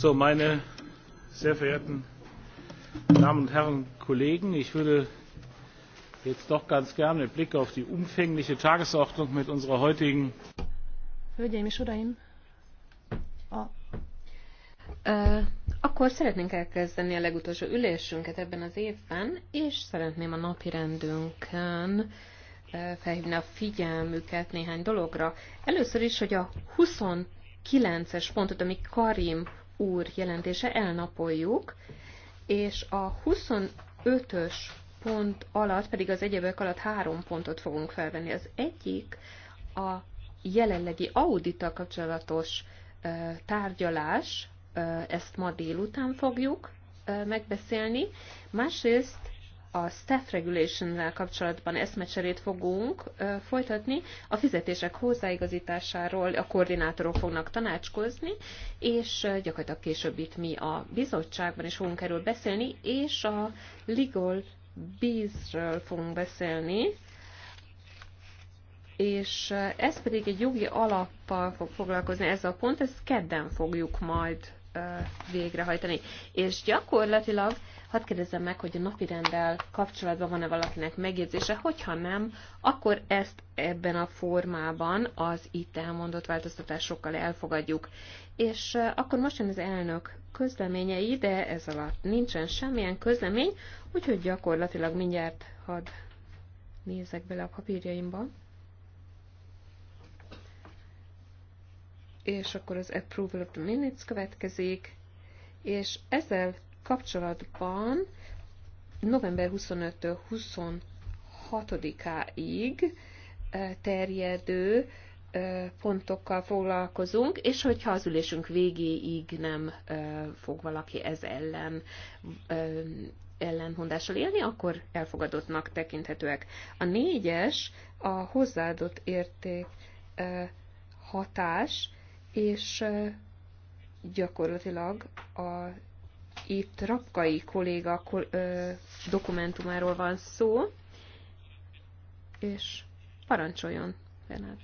So, meine sehr verehrten Damen und Herren Kollegen, ich würde jetzt doch ganz gerne mit Blick auf die umfängliche Tagesordnung mit unserer heutigen akkor szeretnénk elkezdeni a legutolsó ülésünket ebben az évben, és szeretném a napi rendünkön felhívni a figyelmüket néhány dologra. Először is, hogy a 29-es pontot, ami Karim úr jelentése, elnapoljuk, és a 25-ös pont alatt, pedig az egyebek alatt három pontot fogunk felvenni. Az egyik a jelenlegi audita kapcsolatos tárgyalás, ezt ma délután fogjuk megbeszélni. Másrészt a staff regulation-nel kapcsolatban eszmecserét fogunk folytatni. A fizetések hozzáigazításáról a koordinátorok fognak tanácskozni, és gyakorlatilag később itt mi a bizottságban is fogunk erről beszélni, és a legal bizről fogunk beszélni, és ez pedig egy jogi alappal fog foglalkozni ez a pont, ezt kedden fogjuk majd végrehajtani. És gyakorlatilag Hadd kérdezzem meg, hogy a napirendel kapcsolatban van-e valakinek megjegyzése, hogyha nem, akkor ezt ebben a formában az itt elmondott változtatásokkal elfogadjuk. És akkor most jön az elnök közleményei, de ez alatt nincsen semmilyen közlemény, úgyhogy gyakorlatilag mindjárt hadd nézek bele a papírjaimba. És akkor az Approval of the Minutes következik, és ezzel kapcsolatban november 25-től 26-áig terjedő pontokkal foglalkozunk, és hogyha az ülésünk végéig nem fog valaki ez ellen ellenmondással élni, akkor elfogadottnak tekinthetőek. A négyes a hozzáadott érték hatás, és gyakorlatilag a itt Rapkai kolléga dokumentumáról van szó, és parancsoljon, Bernard.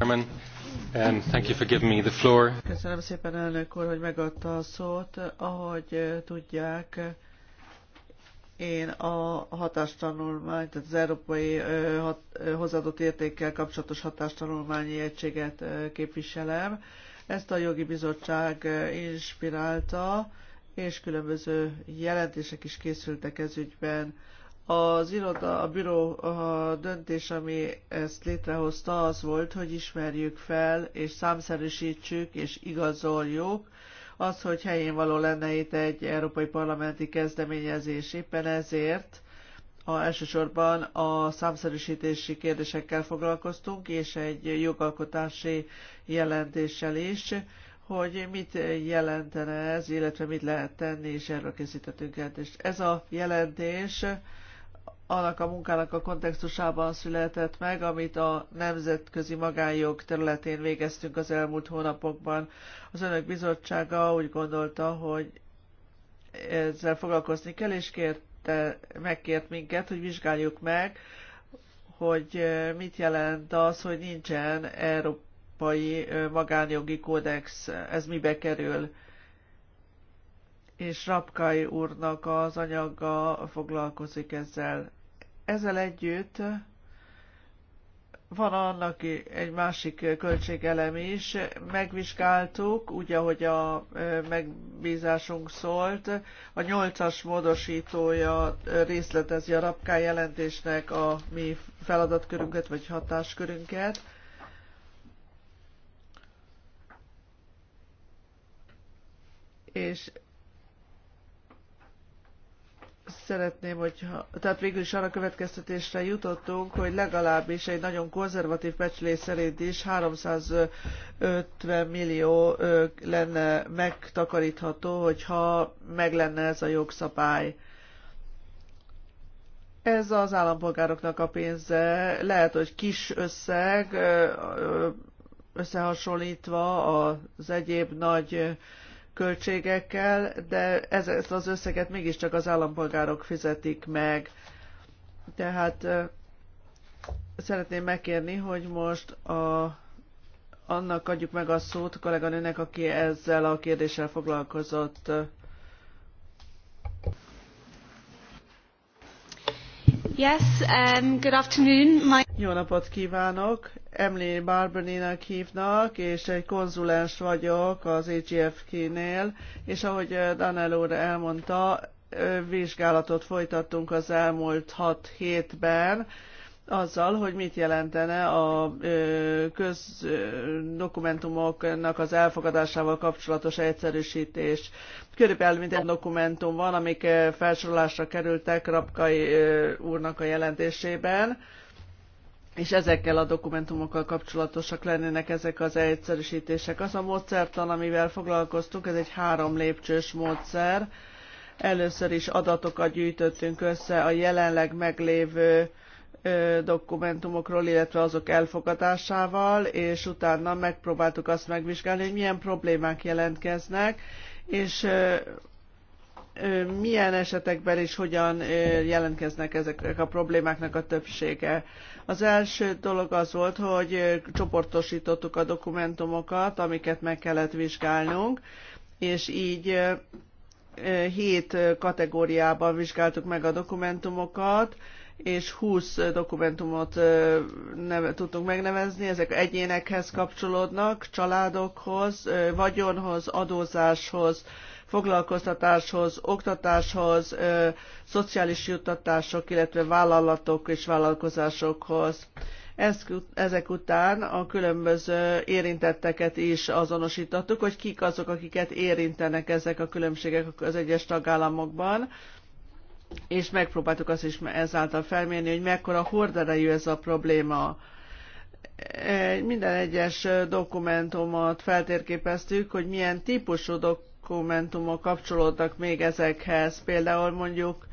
Um, Köszönöm szépen, elnök úr, hogy megadta a szót. Ahogy tudják, én a hatástanulmányt, tehát az Európai hat, hozadott Értékkel kapcsolatos hatástanulmányi egységet képviselem. Ezt a jogi bizottság inspirálta, és különböző jelentések is készültek ez ügyben. Az iroda, a büro a döntés, ami ezt létrehozta, az volt, hogy ismerjük fel, és számszerűsítsük, és igazoljuk, az, hogy helyén való lenne itt egy európai parlamenti kezdeményezés. Éppen ezért a, elsősorban a számszerűsítési kérdésekkel foglalkoztunk, és egy jogalkotási jelentéssel is, hogy mit jelentene ez, illetve mit lehet tenni, és erről készítettünk jelentést. Ez a jelentés annak a munkának a kontextusában született meg, amit a nemzetközi magánjog területén végeztünk az elmúlt hónapokban. Az Önök Bizottsága úgy gondolta, hogy ezzel foglalkozni kell, és kérte, megkért minket, hogy vizsgáljuk meg, hogy mit jelent az, hogy nincsen Európa európai magánjogi kódex, ez mibe kerül. És Rapkai úrnak az anyaga foglalkozik ezzel. Ezzel együtt van annak egy másik költségelem is. Megvizsgáltuk, úgy, ahogy a megbízásunk szólt, a nyolcas módosítója részletezi a rapká jelentésnek a mi feladatkörünket vagy hatáskörünket, és szeretném, hogyha, tehát végül is arra következtetésre jutottunk, hogy legalábbis egy nagyon konzervatív becslés szerint is 350 millió lenne megtakarítható, hogyha meg lenne ez a jogszabály. Ez az állampolgároknak a pénze, lehet, hogy kis összeg, összehasonlítva az egyéb nagy költségekkel, de ezt az összeget mégiscsak az állampolgárok fizetik meg. Tehát szeretném megkérni, hogy most a, annak adjuk meg a szót a kolléganőnek, aki ezzel a kérdéssel foglalkozott. Yes, um, good afternoon. My... Jó napot kívánok! Emily Barbernének hívnak, és egy konzulens vagyok az EGFK-nél, és ahogy eh, Danel úr elmondta, eh, vizsgálatot folytattunk az elmúlt hat hétben, azzal, hogy mit jelentene a közdokumentumoknak az elfogadásával kapcsolatos egyszerűsítés. Körülbelül minden dokumentum van, amik felsorolásra kerültek Rapkai úrnak a jelentésében, és ezekkel a dokumentumokkal kapcsolatosak lennének ezek az egyszerűsítések. Az a módszertan, amivel foglalkoztunk, ez egy három lépcsős módszer. Először is adatokat gyűjtöttünk össze a jelenleg meglévő dokumentumokról, illetve azok elfogadásával, és utána megpróbáltuk azt megvizsgálni, hogy milyen problémák jelentkeznek, és milyen esetekben és hogyan jelentkeznek ezek a problémáknak a többsége. Az első dolog az volt, hogy csoportosítottuk a dokumentumokat, amiket meg kellett vizsgálnunk, és így hét kategóriában vizsgáltuk meg a dokumentumokat, és 20 dokumentumot neve, tudtunk megnevezni, ezek egyénekhez kapcsolódnak, családokhoz, vagyonhoz, adózáshoz, foglalkoztatáshoz, oktatáshoz, szociális juttatások, illetve vállalatok és vállalkozásokhoz. Ezek után a különböző érintetteket is azonosítottuk, hogy kik azok, akiket érintenek ezek a különbségek az egyes tagállamokban és megpróbáltuk azt is ezáltal felmérni, hogy mekkora horderejű ez a probléma. E, minden egyes dokumentumot feltérképeztük, hogy milyen típusú dokumentumok kapcsolódtak még ezekhez. Például mondjuk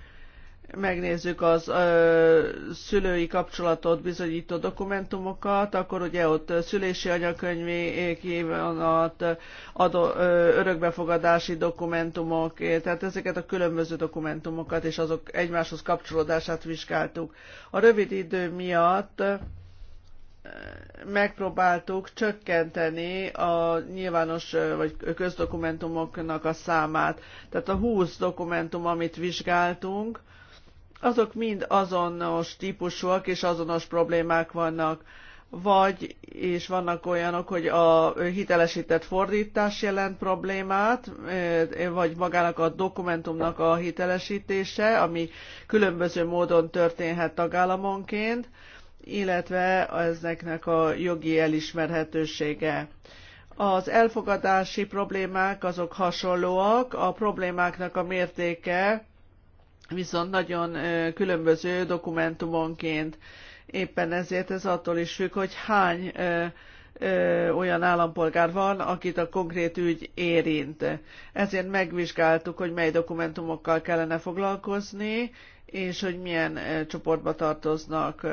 megnézzük az ö, szülői kapcsolatot bizonyító dokumentumokat, akkor ugye ott szülési anyakönyvi kívánat, adó, ö, örökbefogadási dokumentumok, tehát ezeket a különböző dokumentumokat és azok egymáshoz kapcsolódását vizsgáltuk. A rövid idő miatt megpróbáltuk csökkenteni a nyilvános vagy közdokumentumoknak a számát. Tehát a 20 dokumentum, amit vizsgáltunk, azok mind azonos típusúak és azonos problémák vannak. Vagy és vannak olyanok, hogy a hitelesített fordítás jelent problémát, eh, vagy magának a dokumentumnak a hitelesítése, ami különböző módon történhet tagállamonként, illetve ezeknek a jogi elismerhetősége. Az elfogadási problémák azok hasonlóak, a problémáknak a mértéke viszont nagyon különböző dokumentumonként. Éppen ezért ez attól is függ, hogy hány ö, olyan állampolgár van, akit a konkrét ügy érint. Ezért megvizsgáltuk, hogy mely dokumentumokkal kellene foglalkozni, és hogy milyen ö, csoportba tartoznak.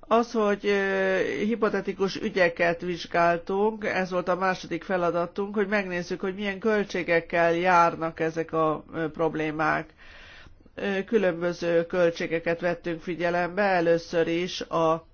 Az, hogy ö, hipotetikus ügyeket vizsgáltunk, ez volt a második feladatunk, hogy megnézzük, hogy milyen költségekkel járnak ezek a ö, problémák különböző költségeket vettünk figyelembe, először is a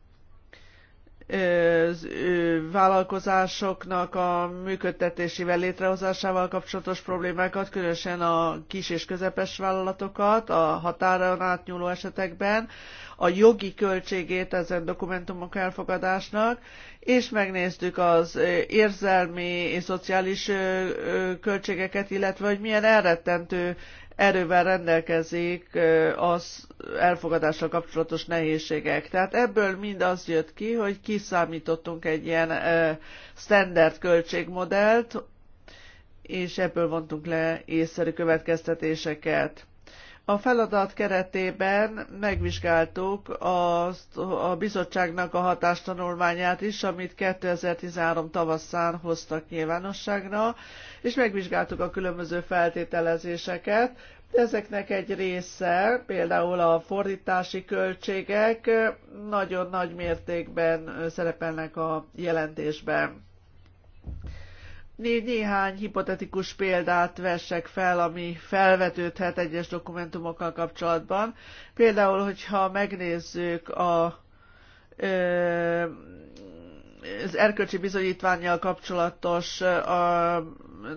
vállalkozásoknak a működtetésével, létrehozásával kapcsolatos problémákat, különösen a kis és közepes vállalatokat a határon átnyúló esetekben, a jogi költségét ezen dokumentumok elfogadásnak, és megnéztük az érzelmi és szociális költségeket, illetve hogy milyen elrettentő erővel rendelkezik az elfogadással kapcsolatos nehézségek. Tehát ebből mind az jött ki, hogy kiszámítottunk egy ilyen standard költségmodellt, és ebből vontunk le észszerű következtetéseket. A feladat keretében megvizsgáltuk azt, a bizottságnak a hatástanulmányát is, amit 2013 tavaszán hoztak nyilvánosságra, és megvizsgáltuk a különböző feltételezéseket, Ezeknek egy része, például a fordítási költségek nagyon nagy mértékben szerepelnek a jelentésben néhány hipotetikus példát vessek fel, ami felvetődhet egyes dokumentumokkal kapcsolatban. Például, hogyha megnézzük a, az erkölcsi bizonyítványjal kapcsolatos a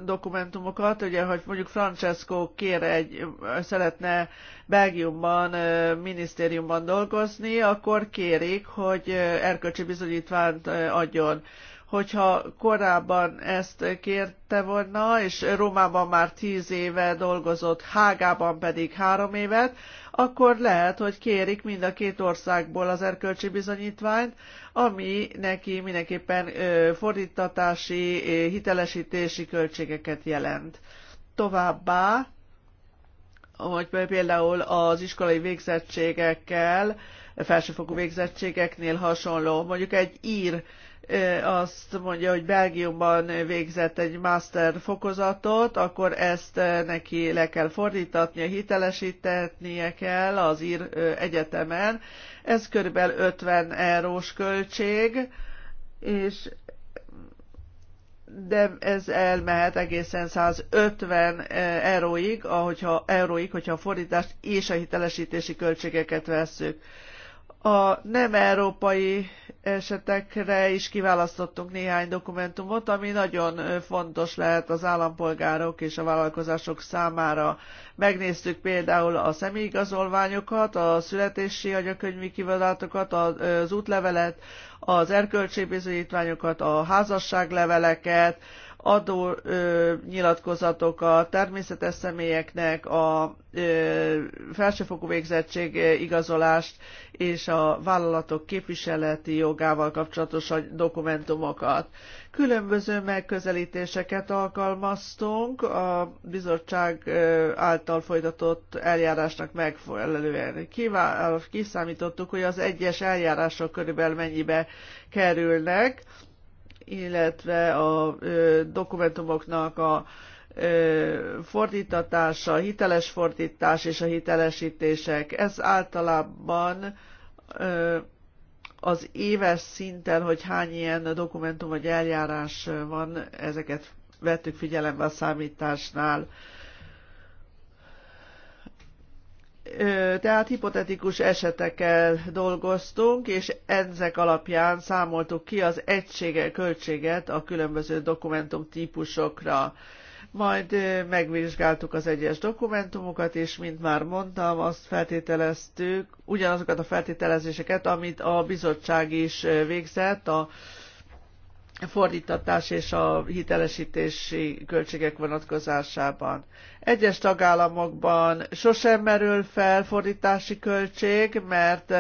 dokumentumokat, ugye, hogy mondjuk Francesco kér egy, szeretne Belgiumban, minisztériumban dolgozni, akkor kérik, hogy erkölcsi bizonyítványt adjon hogyha korábban ezt kérte volna, és Rómában már tíz éve dolgozott, Hágában pedig három évet, akkor lehet, hogy kérik mind a két országból az erkölcsi bizonyítványt, ami neki mindenképpen fordítatási, hitelesítési költségeket jelent. Továbbá, hogy például az iskolai végzettségekkel, felsőfokú végzettségeknél hasonló, mondjuk egy ír azt mondja, hogy Belgiumban végzett egy master fokozatot, akkor ezt neki le kell fordítatnia, hitelesítetnie kell az ír egyetemen. Ez körülbelül 50 eurós költség, és de ez elmehet egészen 150 euróig, ahogyha, euróig, hogyha a fordítást és a hitelesítési költségeket vesszük. A nem európai esetekre is kiválasztottunk néhány dokumentumot, ami nagyon fontos lehet az állampolgárok és a vállalkozások számára. Megnéztük például a személyigazolványokat, a születési agyakönyvi kivadatokat, az útlevelet, az erkölcsi bizonyítványokat, a házasságleveleket, adó ö, a természetes személyeknek, a ö, felsőfokú végzettség igazolást és a vállalatok képviseleti jogával kapcsolatos dokumentumokat. Különböző megközelítéseket alkalmaztunk a bizottság által folytatott eljárásnak megfelelően. Kiszámítottuk, hogy az egyes eljárások körülbelül mennyibe kerülnek, illetve a dokumentumoknak a fordítatása, hiteles fordítás és a hitelesítések. Ez általában az éves szinten, hogy hány ilyen dokumentum vagy eljárás van, ezeket vettük figyelembe a számításnál. tehát hipotetikus esetekkel dolgoztunk, és ezek alapján számoltuk ki az egysége költséget a különböző dokumentum típusokra. Majd megvizsgáltuk az egyes dokumentumokat, és mint már mondtam, azt feltételeztük, ugyanazokat a feltételezéseket, amit a bizottság is végzett, a fordítatás és a hitelesítési költségek vonatkozásában. Egyes tagállamokban sosem merül fel fordítási költség, mert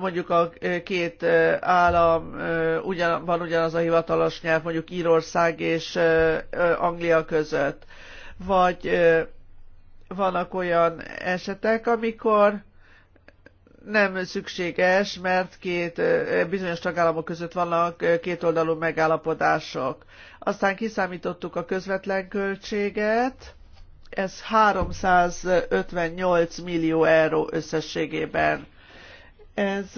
mondjuk a két állam ugyan, van ugyanaz a hivatalos nyelv, mondjuk Írország és Anglia között. Vagy vannak olyan esetek, amikor nem szükséges, mert két bizonyos tagállamok között vannak kétoldalú megállapodások. Aztán kiszámítottuk a közvetlen költséget, ez 358 millió euró összességében. Ez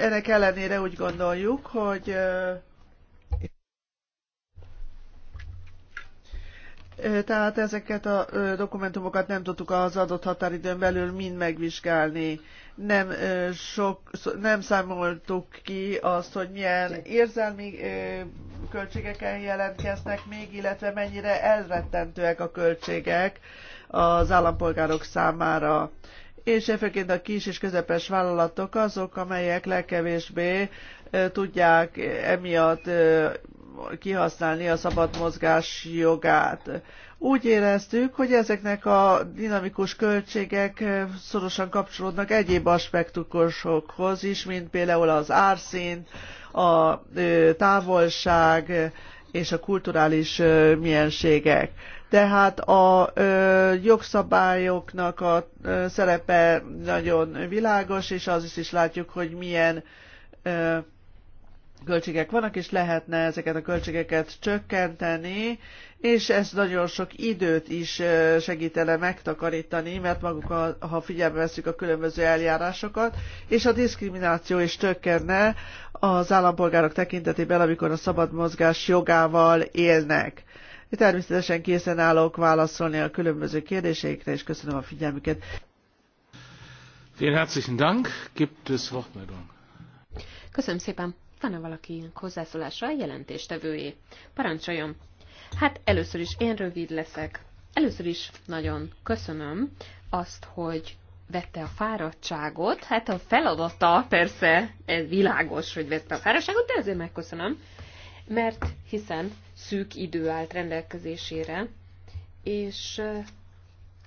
ennek ellenére úgy gondoljuk, hogy Tehát ezeket a dokumentumokat nem tudtuk az adott határidőn belül mind megvizsgálni. Nem, sok, nem számoltuk ki azt, hogy milyen érzelmi költségeken jelentkeznek még, illetve mennyire elrettentőek a költségek az állampolgárok számára és főként a kis és közepes vállalatok azok, amelyek legkevésbé tudják emiatt kihasználni a szabad mozgás jogát. Úgy éreztük, hogy ezeknek a dinamikus költségek szorosan kapcsolódnak egyéb aspektusokhoz is, mint például az árszint, a távolság és a kulturális mienségek. Tehát a ö, jogszabályoknak a ö, szerepe nagyon világos, és az is, látjuk, hogy milyen ö, költségek vannak, és lehetne ezeket a költségeket csökkenteni, és ez nagyon sok időt is segítene megtakarítani, mert maguk, a, ha figyelme veszük a különböző eljárásokat, és a diszkrimináció is csökkenne az állampolgárok tekintetében, amikor a szabad mozgás jogával élnek. Én természetesen készen állok válaszolni a különböző kérdéseikre, és köszönöm a figyelmüket. Vielen herzlichen Dank. Gibt es Wortmeldung? Köszönöm szépen van-e valaki hozzászólásra a jelentéstevőjé? Parancsoljon! Hát először is én rövid leszek. Először is nagyon köszönöm azt, hogy vette a fáradtságot. Hát a feladata persze, ez világos, hogy vette a fáradtságot, de ezért megköszönöm, mert hiszen szűk idő állt rendelkezésére, és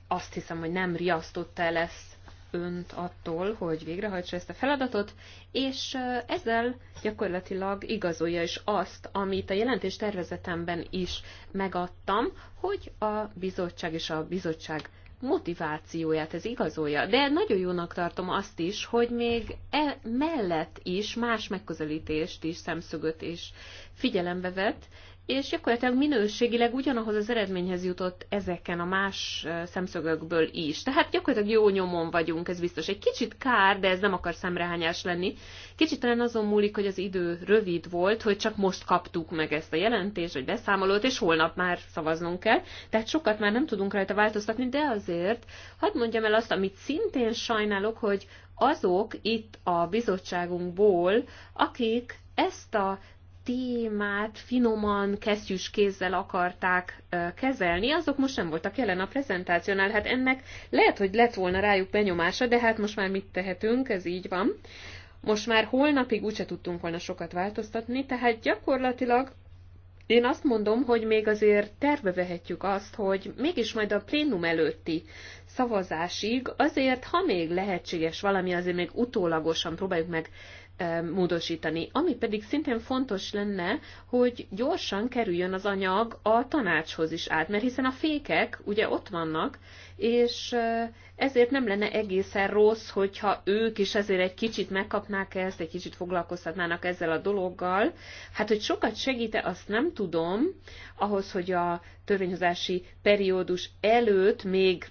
azt hiszem, hogy nem riasztotta el ezt önt attól, hogy végrehajtsa ezt a feladatot, és ezzel gyakorlatilag igazolja is azt, amit a jelentés tervezetemben is megadtam, hogy a bizottság és a bizottság motivációját ez igazolja. De nagyon jónak tartom azt is, hogy még e mellett is más megközelítést is, szemszögöt és figyelembe vett, és gyakorlatilag minőségileg ugyanahoz az eredményhez jutott ezeken a más szemszögökből is. Tehát gyakorlatilag jó nyomon vagyunk, ez biztos. Egy kicsit kár, de ez nem akar szemrehányás lenni. Kicsit talán azon múlik, hogy az idő rövid volt, hogy csak most kaptuk meg ezt a jelentést, vagy beszámolót, és holnap már szavaznunk kell. Tehát sokat már nem tudunk rajta változtatni, de azért hadd mondjam el azt, amit szintén sajnálok, hogy azok itt a bizottságunkból, akik ezt a témát finoman, kesztyűs kézzel akarták kezelni, azok most nem voltak jelen a prezentációnál. Hát ennek lehet, hogy lett volna rájuk benyomása, de hát most már mit tehetünk, ez így van. Most már holnapig úgyse tudtunk volna sokat változtatni, tehát gyakorlatilag én azt mondom, hogy még azért terve vehetjük azt, hogy mégis majd a plénum előtti szavazásig azért, ha még lehetséges valami, azért még utólagosan próbáljuk meg módosítani. Ami pedig szintén fontos lenne, hogy gyorsan kerüljön az anyag a tanácshoz is át, mert hiszen a fékek ugye ott vannak, és ezért nem lenne egészen rossz, hogyha ők is ezért egy kicsit megkapnák ezt, egy kicsit foglalkoztatnának ezzel a dologgal. Hát, hogy sokat segíte, azt nem tudom, ahhoz, hogy a törvényhozási periódus előtt még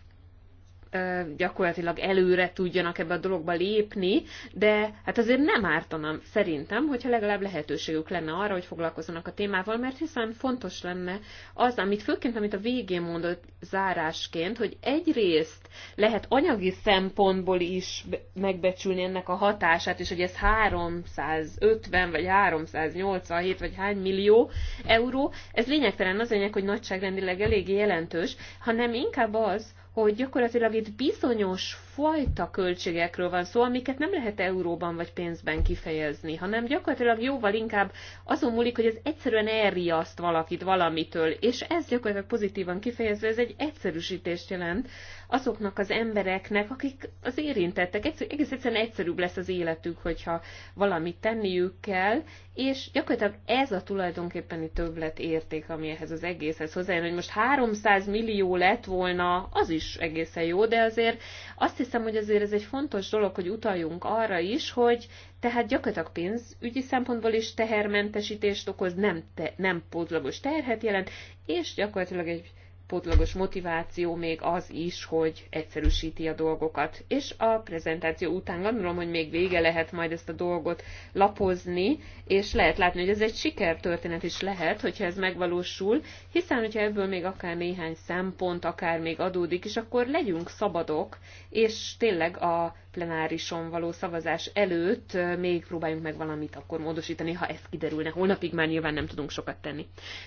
gyakorlatilag előre tudjanak ebbe a dologba lépni, de hát azért nem ártana szerintem, hogyha legalább lehetőségük lenne arra, hogy foglalkozzanak a témával, mert hiszen fontos lenne az, amit főként, amit a végén mondott zárásként, hogy egyrészt lehet anyagi szempontból is megbecsülni ennek a hatását, és hogy ez 350 vagy 387 vagy hány millió euró, ez lényegtelen az lényeg, hogy nagyságrendileg eléggé jelentős, hanem inkább az, hogy gyakorlatilag itt bizonyos fajta költségekről van szó, amiket nem lehet euróban vagy pénzben kifejezni, hanem gyakorlatilag jóval inkább azon múlik, hogy ez egyszerűen elriaszt valakit valamitől, és ez gyakorlatilag pozitívan kifejezve, ez egy egyszerűsítést jelent azoknak az embereknek, akik az érintettek. Egész egyszerűen egyszerűbb lesz az életük, hogyha valamit tenniük kell, és gyakorlatilag ez a tulajdonképpeni többlet érték, ami ehhez az egészhez hozzájön, hogy most 300 millió lett volna, az is egészen jó, de azért azt hiszem, hiszem, hogy azért ez egy fontos dolog, hogy utaljunk arra is, hogy tehát gyakorlatilag pénzügyi szempontból is tehermentesítést okoz, nem, te, nem pótlagos terhet jelent, és gyakorlatilag egy pótlagos motiváció még az is, hogy egyszerűsíti a dolgokat. És a prezentáció után gondolom, hogy még vége lehet majd ezt a dolgot lapozni, és lehet látni, hogy ez egy sikertörténet is lehet, hogyha ez megvalósul, hiszen hogyha ebből még akár néhány szempont, akár még adódik is, akkor legyünk szabadok, és tényleg a plenárison való szavazás előtt még próbáljunk meg valamit akkor módosítani, ha ez kiderülne. Holnapig már nyilván nem tudunk sokat tenni.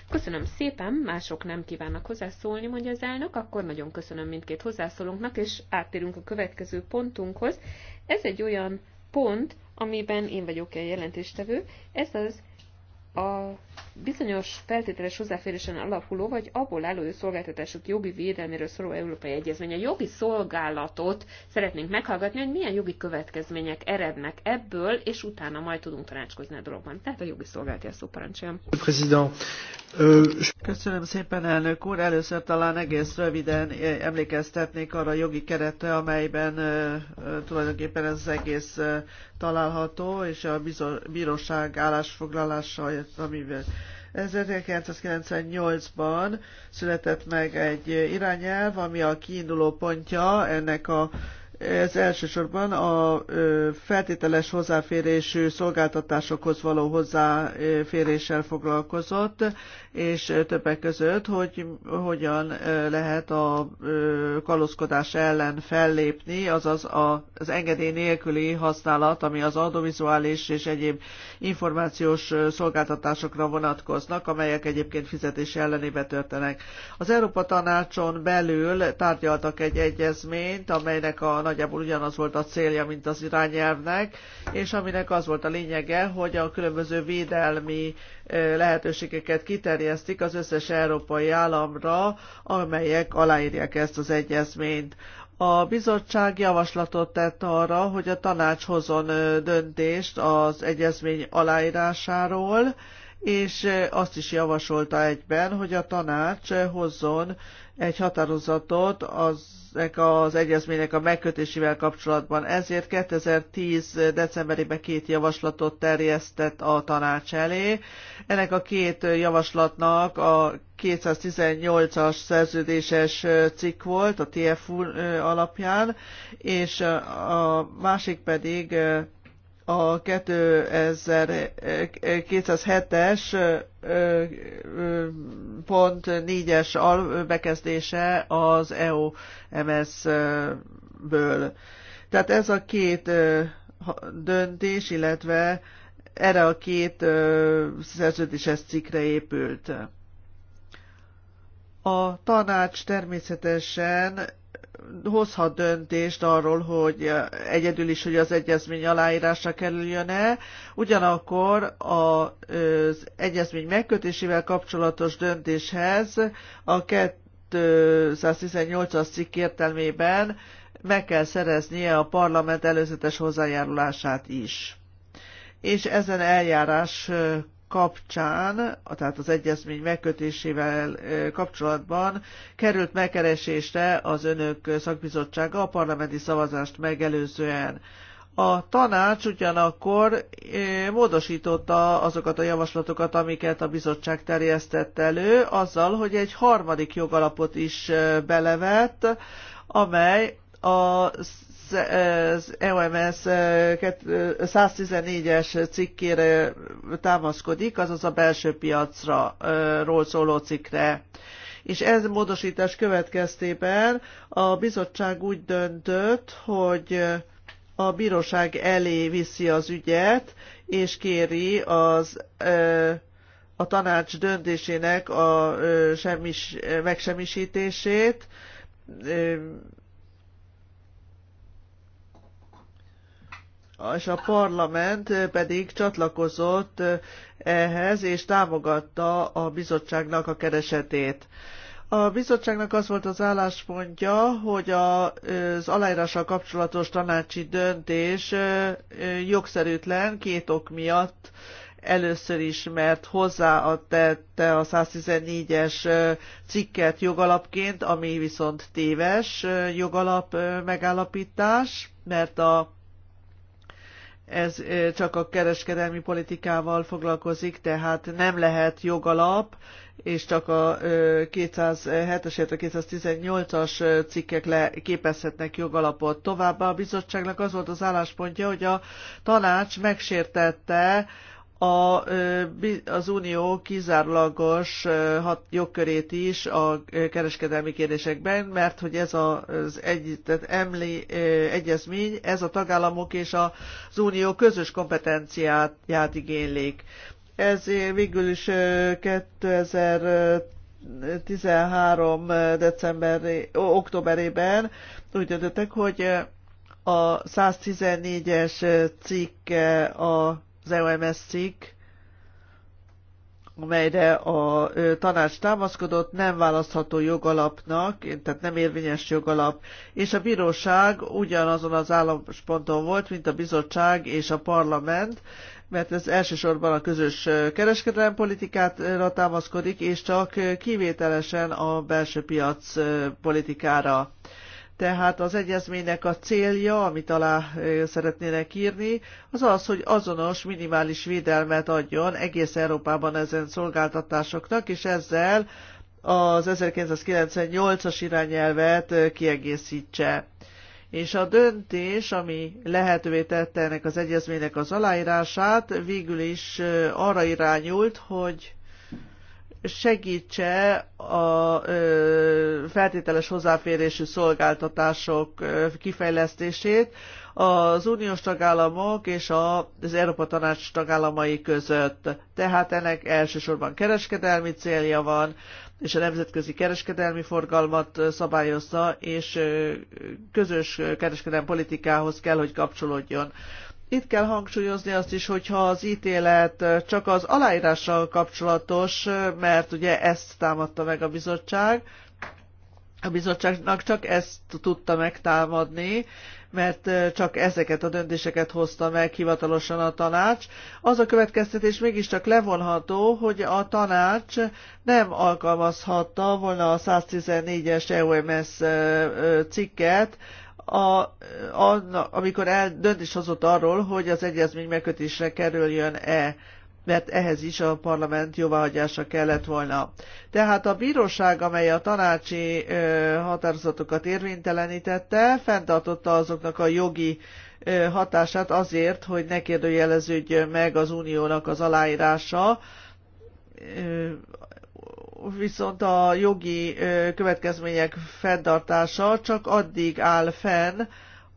Köszönöm szépen, mások nem kívánnak hozzászólni, mondja az elnök, akkor nagyon köszönöm mindkét hozzászólónknak, és áttérünk a következő pontunkhoz. Ez egy olyan pont, amiben én vagyok a jelentéstevő, ez az a bizonyos feltételes hozzáférésen alapuló, vagy abból álló szolgáltatások jogi védelméről szóló Európai Egyezmény. A jogi szolgálatot szeretnénk meghallgatni, hogy milyen jogi következmények erednek ebből, és utána majd tudunk tanácskozni a dologban. Tehát a jogi szolgálati a szó Köszönöm szépen, elnök úr. Először talán egész röviden emlékeztetnék arra a jogi keretre, amelyben tulajdonképpen ez az egész található, és a bíróság állásfoglalása, amivel 1998-ban született meg egy irányelv, ami a kiinduló pontja ennek a ez elsősorban a feltételes hozzáférésű szolgáltatásokhoz való hozzáféréssel foglalkozott, és többek között, hogy hogyan lehet a kalózkodás ellen fellépni, azaz az engedély nélküli használat, ami az audiovizuális és egyéb információs szolgáltatásokra vonatkoznak, amelyek egyébként fizetés ellenébe történnek. Az Európa Tanácson belül tárgyaltak egy egyezményt, amelynek a nagy nagyjából ugyanaz volt a célja, mint az irányelvnek, és aminek az volt a lényege, hogy a különböző védelmi lehetőségeket kiterjesztik az összes európai államra, amelyek aláírják ezt az egyezményt. A bizottság javaslatot tett arra, hogy a tanács hozzon döntést az egyezmény aláírásáról, és azt is javasolta egyben, hogy a tanács hozzon egy határozatot azek az egyezmények a megkötésével kapcsolatban. Ezért 2010. decemberében két javaslatot terjesztett a tanács elé. Ennek a két javaslatnak a 218-as szerződéses cikk volt a TFU alapján, és a másik pedig a 2207-es pont 4-es bekezdése az EU-MS-ből. Tehát ez a két döntés, illetve erre a két szerződéses cikkre épült. A tanács természetesen hozhat döntést arról, hogy egyedül is, hogy az egyezmény aláírása kerüljön-e, ugyanakkor az egyezmény megkötésével kapcsolatos döntéshez a 218-as cikk értelmében meg kell szereznie a parlament előzetes hozzájárulását is és ezen eljárás kapcsán, tehát az egyezmény megkötésével kapcsolatban került megkeresésre az önök szakbizottsága a parlamenti szavazást megelőzően. A tanács ugyanakkor módosította azokat a javaslatokat, amiket a bizottság terjesztett elő, azzal, hogy egy harmadik jogalapot is belevett, amely a az EOMS 114-es cikkére támaszkodik, azaz a belső piacra ról szóló cikkre. És ez módosítás következtében a bizottság úgy döntött, hogy a bíróság elé viszi az ügyet, és kéri az a tanács döntésének a semmis, megsemmisítését, és a parlament pedig csatlakozott ehhez, és támogatta a bizottságnak a keresetét. A bizottságnak az volt az álláspontja, hogy az aláírással kapcsolatos tanácsi döntés jogszerűtlen két ok miatt először is, mert hozzáadtette a 114-es cikket jogalapként, ami viszont téves jogalap megállapítás, mert a ez csak a kereskedelmi politikával foglalkozik, tehát nem lehet jogalap, és csak a 207-es, a 218-as cikkek le képezhetnek jogalapot. Továbbá a bizottságnak az volt az álláspontja, hogy a tanács megsértette a, az unió kizárólagos jogkörét is a kereskedelmi kérdésekben, mert hogy ez az egy, tehát emli, egyezmény, ez a tagállamok és az unió közös kompetenciáját igénylik. Ez végül is 2013. december, októberében úgy döntöttek, hogy a 114-es cikke a az EOMS cikk, amelyre a tanács támaszkodott, nem választható jogalapnak, tehát nem érvényes jogalap, és a bíróság ugyanazon az állásponton volt, mint a bizottság és a parlament, mert ez elsősorban a közös kereskedelmi politikára támaszkodik, és csak kivételesen a belső piac politikára. Tehát az egyezménynek a célja, amit alá szeretnének írni, az az, hogy azonos minimális védelmet adjon egész Európában ezen szolgáltatásoknak, és ezzel az 1998-as irányelvet kiegészítse. És a döntés, ami lehetővé tette ennek az egyezménynek az aláírását, végül is arra irányult, hogy segítse a feltételes hozzáférésű szolgáltatások kifejlesztését az uniós tagállamok és az Európa Tanács tagállamai között. Tehát ennek elsősorban kereskedelmi célja van, és a nemzetközi kereskedelmi forgalmat szabályozza, és közös kereskedelmi politikához kell, hogy kapcsolódjon. Itt kell hangsúlyozni azt is, hogyha az ítélet csak az aláírással kapcsolatos, mert ugye ezt támadta meg a bizottság, a bizottságnak csak ezt tudta megtámadni, mert csak ezeket a döntéseket hozta meg hivatalosan a tanács. Az a következtetés mégiscsak levonható, hogy a tanács nem alkalmazhatta volna a 114-es EOMS cikket a, a, amikor el döntés hozott arról, hogy az egyezmény megkötésre kerüljön-e, mert ehhez is a parlament jóváhagyása kellett volna. Tehát a bíróság, amely a tanácsi ö, határozatokat érvénytelenítette, fenntartotta azoknak a jogi ö, hatását azért, hogy ne kérdőjeleződjön meg az uniónak az aláírása, viszont a jogi következmények fenntartása csak addig áll fenn,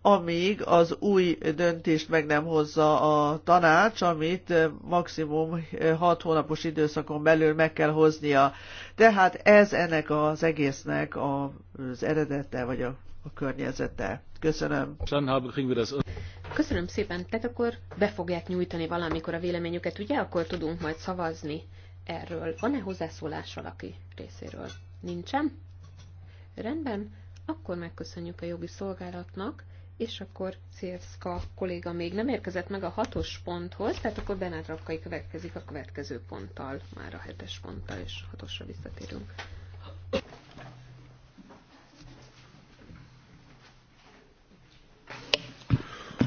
amíg az új döntést meg nem hozza a tanács, amit maximum 6 hónapos időszakon belül meg kell hoznia. Tehát ez ennek az egésznek az eredete, vagy a, a környezete. Köszönöm. Köszönöm szépen. Tehát akkor be fogják nyújtani valamikor a véleményüket, ugye? Akkor tudunk majd szavazni erről? Van-e hozzászólás valaki részéről? Nincsen? Rendben, akkor megköszönjük a jogi szolgálatnak, és akkor Szélszka kolléga még nem érkezett meg a hatos ponthoz, tehát akkor Benát Rapkai következik a következő ponttal, már a hetes ponttal, és hatosra visszatérünk.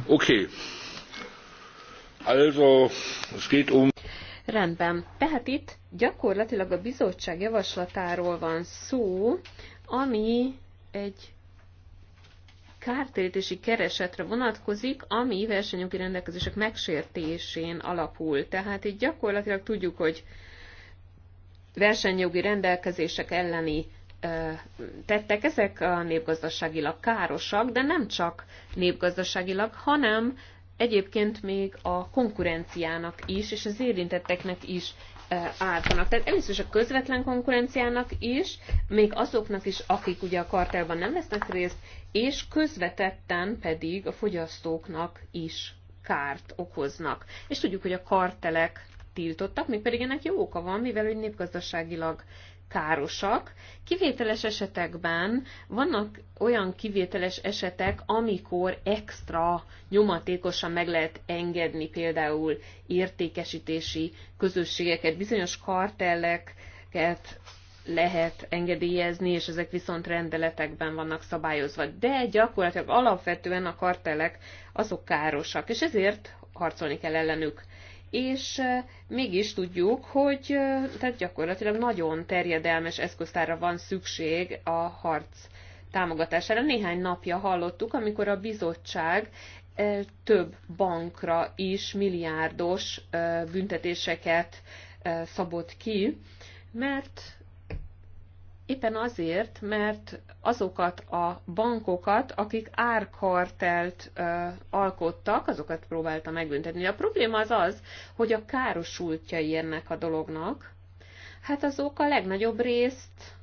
Oké. Okay. Also, es geht um Rendben. Tehát itt gyakorlatilag a bizottság javaslatáról van szó, ami egy kártérítési keresetre vonatkozik, ami versenyjogi rendelkezések megsértésén alapul. Tehát itt gyakorlatilag tudjuk, hogy versenyjogi rendelkezések elleni tettek, ezek a népgazdaságilag károsak, de nem csak népgazdaságilag, hanem egyébként még a konkurenciának is, és az érintetteknek is e, ártanak. Tehát először is a közvetlen konkurenciának is, még azoknak is, akik ugye a kartelban nem vesznek részt, és közvetetten pedig a fogyasztóknak is kárt okoznak. És tudjuk, hogy a kartelek tiltottak, még pedig ennek jó oka van, mivel hogy népgazdaságilag károsak. Kivételes esetekben vannak olyan kivételes esetek, amikor extra nyomatékosan meg lehet engedni például értékesítési közösségeket, bizonyos kartelleket lehet engedélyezni, és ezek viszont rendeletekben vannak szabályozva. De gyakorlatilag alapvetően a kartelek azok károsak, és ezért harcolni kell ellenük és mégis tudjuk, hogy tehát gyakorlatilag nagyon terjedelmes eszköztára van szükség a harc támogatására. Néhány napja hallottuk, amikor a bizottság több bankra is milliárdos büntetéseket szabott ki, mert éppen azért, mert azokat a bankokat, akik árkartelt ö, alkottak, azokat próbálta megbüntetni. A probléma az az, hogy a károsultjai ennek a dolognak, hát azok a legnagyobb részt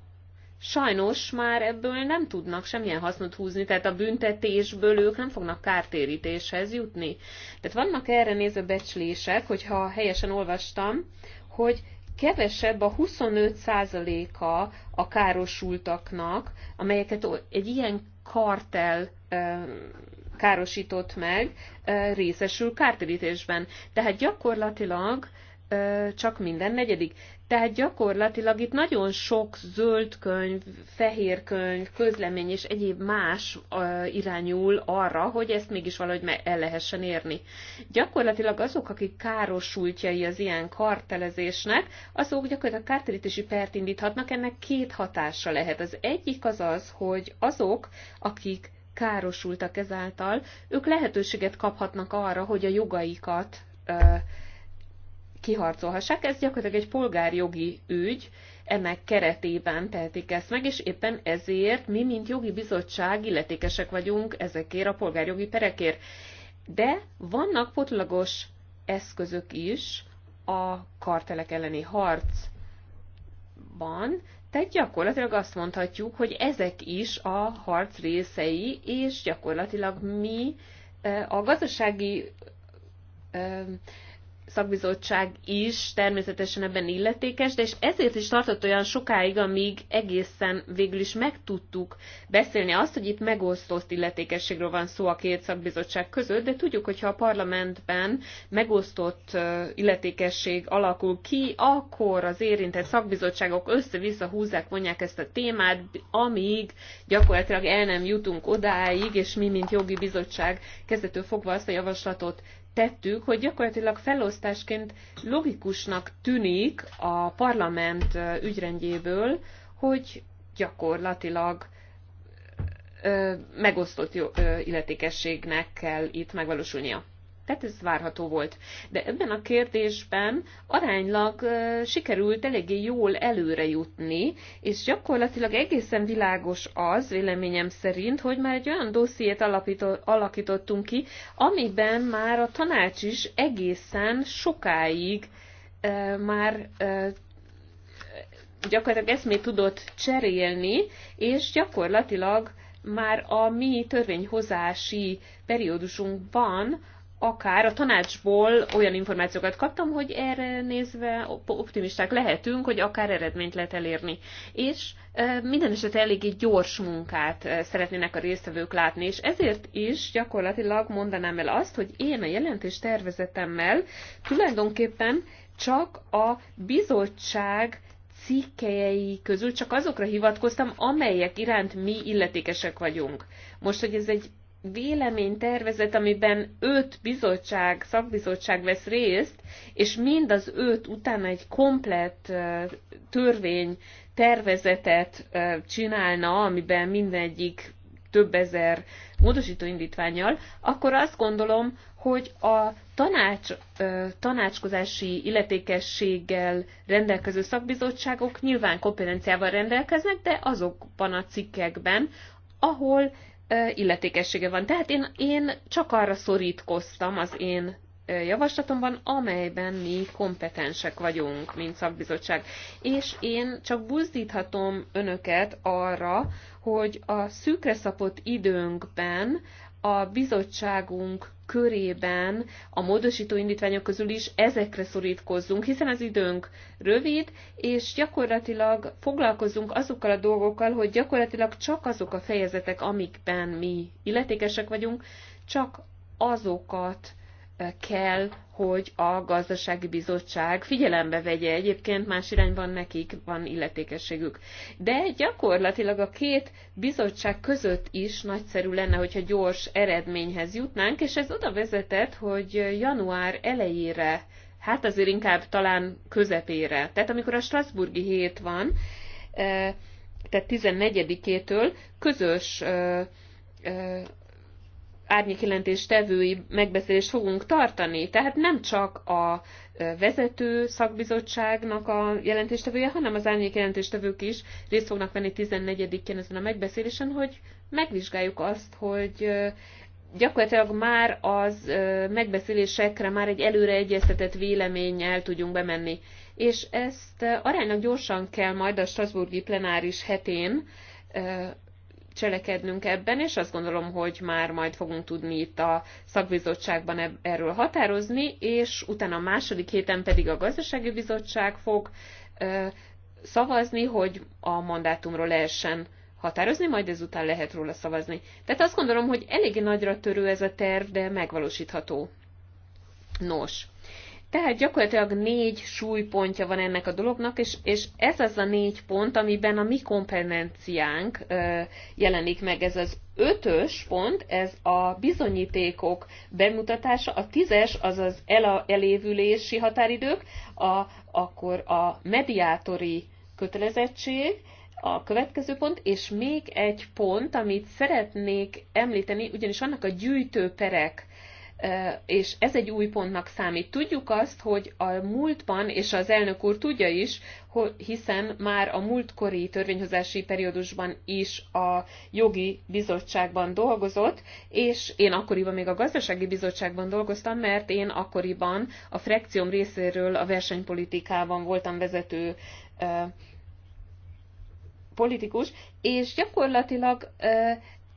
sajnos már ebből nem tudnak semmilyen hasznot húzni, tehát a büntetésből ők nem fognak kártérítéshez jutni. Tehát vannak erre nézve becslések, hogyha helyesen olvastam, hogy kevesebb a 25%-a a károsultaknak, amelyeket egy ilyen kartel károsított meg, részesül kártérítésben. Tehát gyakorlatilag csak minden negyedik. Tehát gyakorlatilag itt nagyon sok zöld könyv, fehér könyv, közlemény és egyéb más irányul arra, hogy ezt mégis valahogy el lehessen érni. Gyakorlatilag azok, akik károsultjai az ilyen kartelezésnek, azok gyakorlatilag kártelítési pert indíthatnak, ennek két hatása lehet. Az egyik az az, hogy azok, akik károsultak ezáltal, ők lehetőséget kaphatnak arra, hogy a jogaikat kiharcolhassák. Ez gyakorlatilag egy polgárjogi ügy, ennek keretében tehetik ezt meg, és éppen ezért mi, mint jogi bizottság illetékesek vagyunk ezekért a polgárjogi perekért. De vannak potlagos eszközök is a kartelek elleni harcban, tehát gyakorlatilag azt mondhatjuk, hogy ezek is a harc részei, és gyakorlatilag mi eh, a gazdasági eh, szakbizottság is természetesen ebben illetékes, de és ezért is tartott olyan sokáig, amíg egészen végül is meg tudtuk beszélni azt, hogy itt megosztott illetékességről van szó a két szakbizottság között, de tudjuk, hogy ha a parlamentben megosztott illetékesség alakul ki, akkor az érintett szakbizottságok össze-vissza húzzák, vonják ezt a témát, amíg gyakorlatilag el nem jutunk odáig, és mi, mint jogi bizottság kezdetől fogva azt a javaslatot tettük, hogy gyakorlatilag felosztásként logikusnak tűnik a parlament ügyrendjéből, hogy gyakorlatilag megosztott illetékességnek kell itt megvalósulnia. Tehát ez várható volt. De ebben a kérdésben aránylag sikerült eléggé jól előre jutni, és gyakorlatilag egészen világos az, véleményem szerint, hogy már egy olyan dossziét alakítottunk ki, amiben már a tanács is egészen sokáig e, már e, gyakorlatilag eszmét tudott cserélni, és gyakorlatilag már a mi törvényhozási periódusunkban akár a tanácsból olyan információkat kaptam, hogy erre nézve optimisták lehetünk, hogy akár eredményt lehet elérni. És minden esetre eléggé gyors munkát szeretnének a résztvevők látni, és ezért is gyakorlatilag mondanám el azt, hogy én a jelentés tervezetemmel tulajdonképpen csak a bizottság cikkei közül csak azokra hivatkoztam, amelyek iránt mi illetékesek vagyunk. Most, hogy ez egy véleménytervezet, amiben öt bizottság, szakbizottság vesz részt, és mind az öt utána egy komplett törvény tervezetet csinálna, amiben mindegyik több ezer módosító akkor azt gondolom, hogy a tanács, tanácskozási illetékességgel rendelkező szakbizottságok nyilván kompetenciával rendelkeznek, de azokban a cikkekben, ahol illetékessége van. Tehát én, én csak arra szorítkoztam az én javaslatomban, amelyben mi kompetensek vagyunk, mint szakbizottság. És én csak buzdíthatom önöket arra, hogy a szűkre szapott időnkben a bizottságunk körében a módosító indítványok közül is ezekre szorítkozzunk, hiszen az időnk rövid, és gyakorlatilag foglalkozunk azokkal a dolgokkal, hogy gyakorlatilag csak azok a fejezetek, amikben mi illetékesek vagyunk, csak azokat kell, hogy a gazdasági bizottság figyelembe vegye. Egyébként más irányban nekik van illetékességük. De gyakorlatilag a két bizottság között is nagyszerű lenne, hogyha gyors eredményhez jutnánk, és ez oda vezetett, hogy január elejére, hát azért inkább talán közepére, tehát amikor a Strasburgi hét van, eh, tehát 14-től közös eh, eh, árnyékjelentés tevői megbeszélést fogunk tartani. Tehát nem csak a vezető szakbizottságnak a jelentéstevője, hanem az árnyékjelentéstevők is részt fognak venni 14-én ezen a megbeszélésen, hogy megvizsgáljuk azt, hogy gyakorlatilag már az megbeszélésekre már egy előre egyeztetett véleménnyel tudjunk bemenni. És ezt aránylag gyorsan kell majd a Strasburgi plenáris hetén cselekednünk ebben, és azt gondolom, hogy már majd fogunk tudni itt a szakbizottságban erről határozni, és utána a második héten pedig a gazdasági bizottság fog szavazni, hogy a mandátumról lehessen határozni, majd ezután lehet róla szavazni. Tehát azt gondolom, hogy eléggé nagyra törő ez a terv, de megvalósítható. Nos, tehát gyakorlatilag négy súlypontja van ennek a dolognak, és, és ez az a négy pont, amiben a mi kompetenciánk ö, jelenik meg. Ez az ötös pont, ez a bizonyítékok bemutatása, a tízes, az az el, elévülési határidők, a, akkor a mediátori kötelezettség, a következő pont, és még egy pont, amit szeretnék említeni, ugyanis vannak a gyűjtőperek és ez egy új pontnak számít. Tudjuk azt, hogy a múltban, és az elnök úr tudja is, hiszen már a múltkori törvényhozási periódusban is a jogi bizottságban dolgozott, és én akkoriban még a gazdasági bizottságban dolgoztam, mert én akkoriban a frakcióm részéről a versenypolitikában voltam vezető politikus, és gyakorlatilag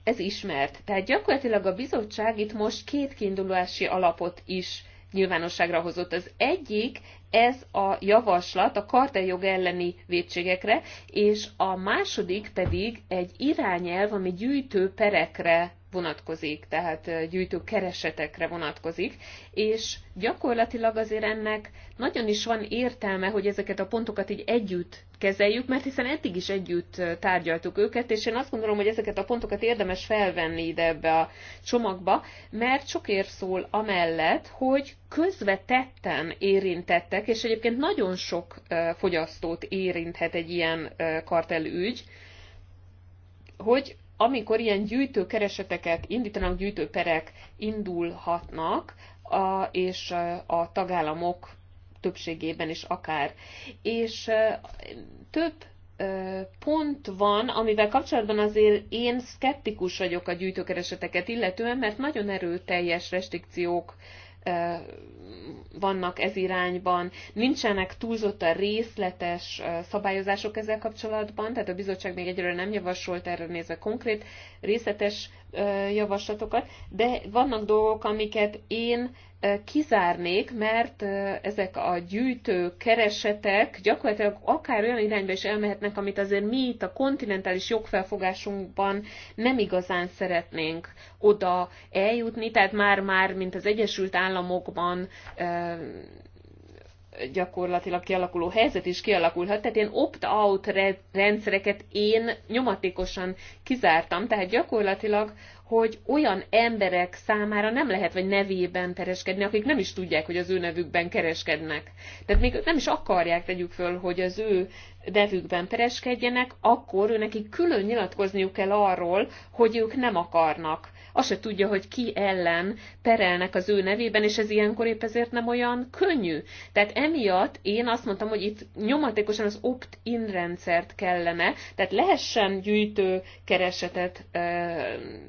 ez ismert. Tehát gyakorlatilag a bizottság itt most két kiindulási alapot is nyilvánosságra hozott. Az egyik ez a javaslat a karteljog elleni védségekre, és a második pedig egy irányelv, ami gyűjtő perekre vonatkozik, tehát gyűjtő keresetekre vonatkozik, és gyakorlatilag azért ennek nagyon is van értelme, hogy ezeket a pontokat így együtt kezeljük, mert hiszen eddig is együtt tárgyaltuk őket, és én azt gondolom, hogy ezeket a pontokat érdemes felvenni ide ebbe a csomagba, mert sokért szól amellett, hogy közvetetten érintettek, és egyébként nagyon sok fogyasztót érinthet egy ilyen kartelügy, hogy amikor ilyen gyűjtőkereseteket indítanak, gyűjtőperek indulhatnak, a, és a tagállamok többségében is akár. És több pont van, amivel kapcsolatban azért én szkeptikus vagyok a gyűjtőkereseteket illetően, mert nagyon erőteljes restrikciók vannak ez irányban, nincsenek túlzottan részletes szabályozások ezzel kapcsolatban, tehát a bizottság még egyelőre nem javasolt erről nézve konkrét részletes javaslatokat, de vannak dolgok, amiket én kizárnék, mert ezek a gyűjtő keresetek gyakorlatilag akár olyan irányba is elmehetnek, amit azért mi itt a kontinentális jogfelfogásunkban nem igazán szeretnénk oda eljutni, tehát már-már, mint az Egyesült Államokban gyakorlatilag kialakuló helyzet is kialakulhat, tehát én opt-out rendszereket én nyomatékosan kizártam, tehát gyakorlatilag, hogy olyan emberek számára nem lehet vagy nevében pereskedni, akik nem is tudják, hogy az ő nevükben kereskednek. Tehát még nem is akarják, tegyük föl, hogy az ő nevükben pereskedjenek, akkor ő külön nyilatkozniuk kell arról, hogy ők nem akarnak azt se tudja, hogy ki ellen perelnek az ő nevében, és ez ilyenkor épp ezért nem olyan könnyű. Tehát emiatt én azt mondtam, hogy itt nyomatékosan az opt-in rendszert kellene, tehát lehessen gyűjtő keresetet e,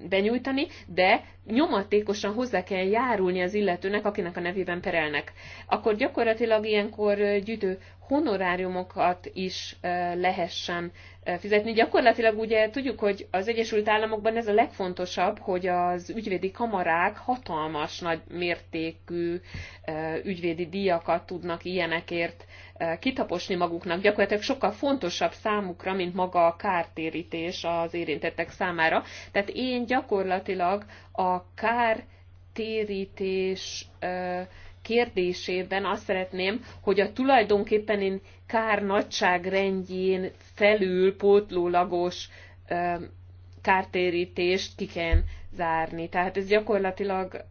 benyújtani, de nyomatékosan hozzá kell járulni az illetőnek, akinek a nevében perelnek. Akkor gyakorlatilag ilyenkor gyűjtő honoráriumokat is lehessen Eh, fizetni. Gyakorlatilag ugye tudjuk, hogy az Egyesült Államokban ez a legfontosabb, hogy az ügyvédi kamarák hatalmas nagy mértékű eh, ügyvédi díjakat tudnak ilyenekért eh, kitaposni maguknak. Gyakorlatilag sokkal fontosabb számukra, mint maga a kártérítés az érintettek számára. Tehát én gyakorlatilag a kártérítés kérdésében azt szeretném, hogy a tulajdonképpen én kár nagyságrendjén felül pótlólagos kártérítést ki kell zárni. Tehát ez gyakorlatilag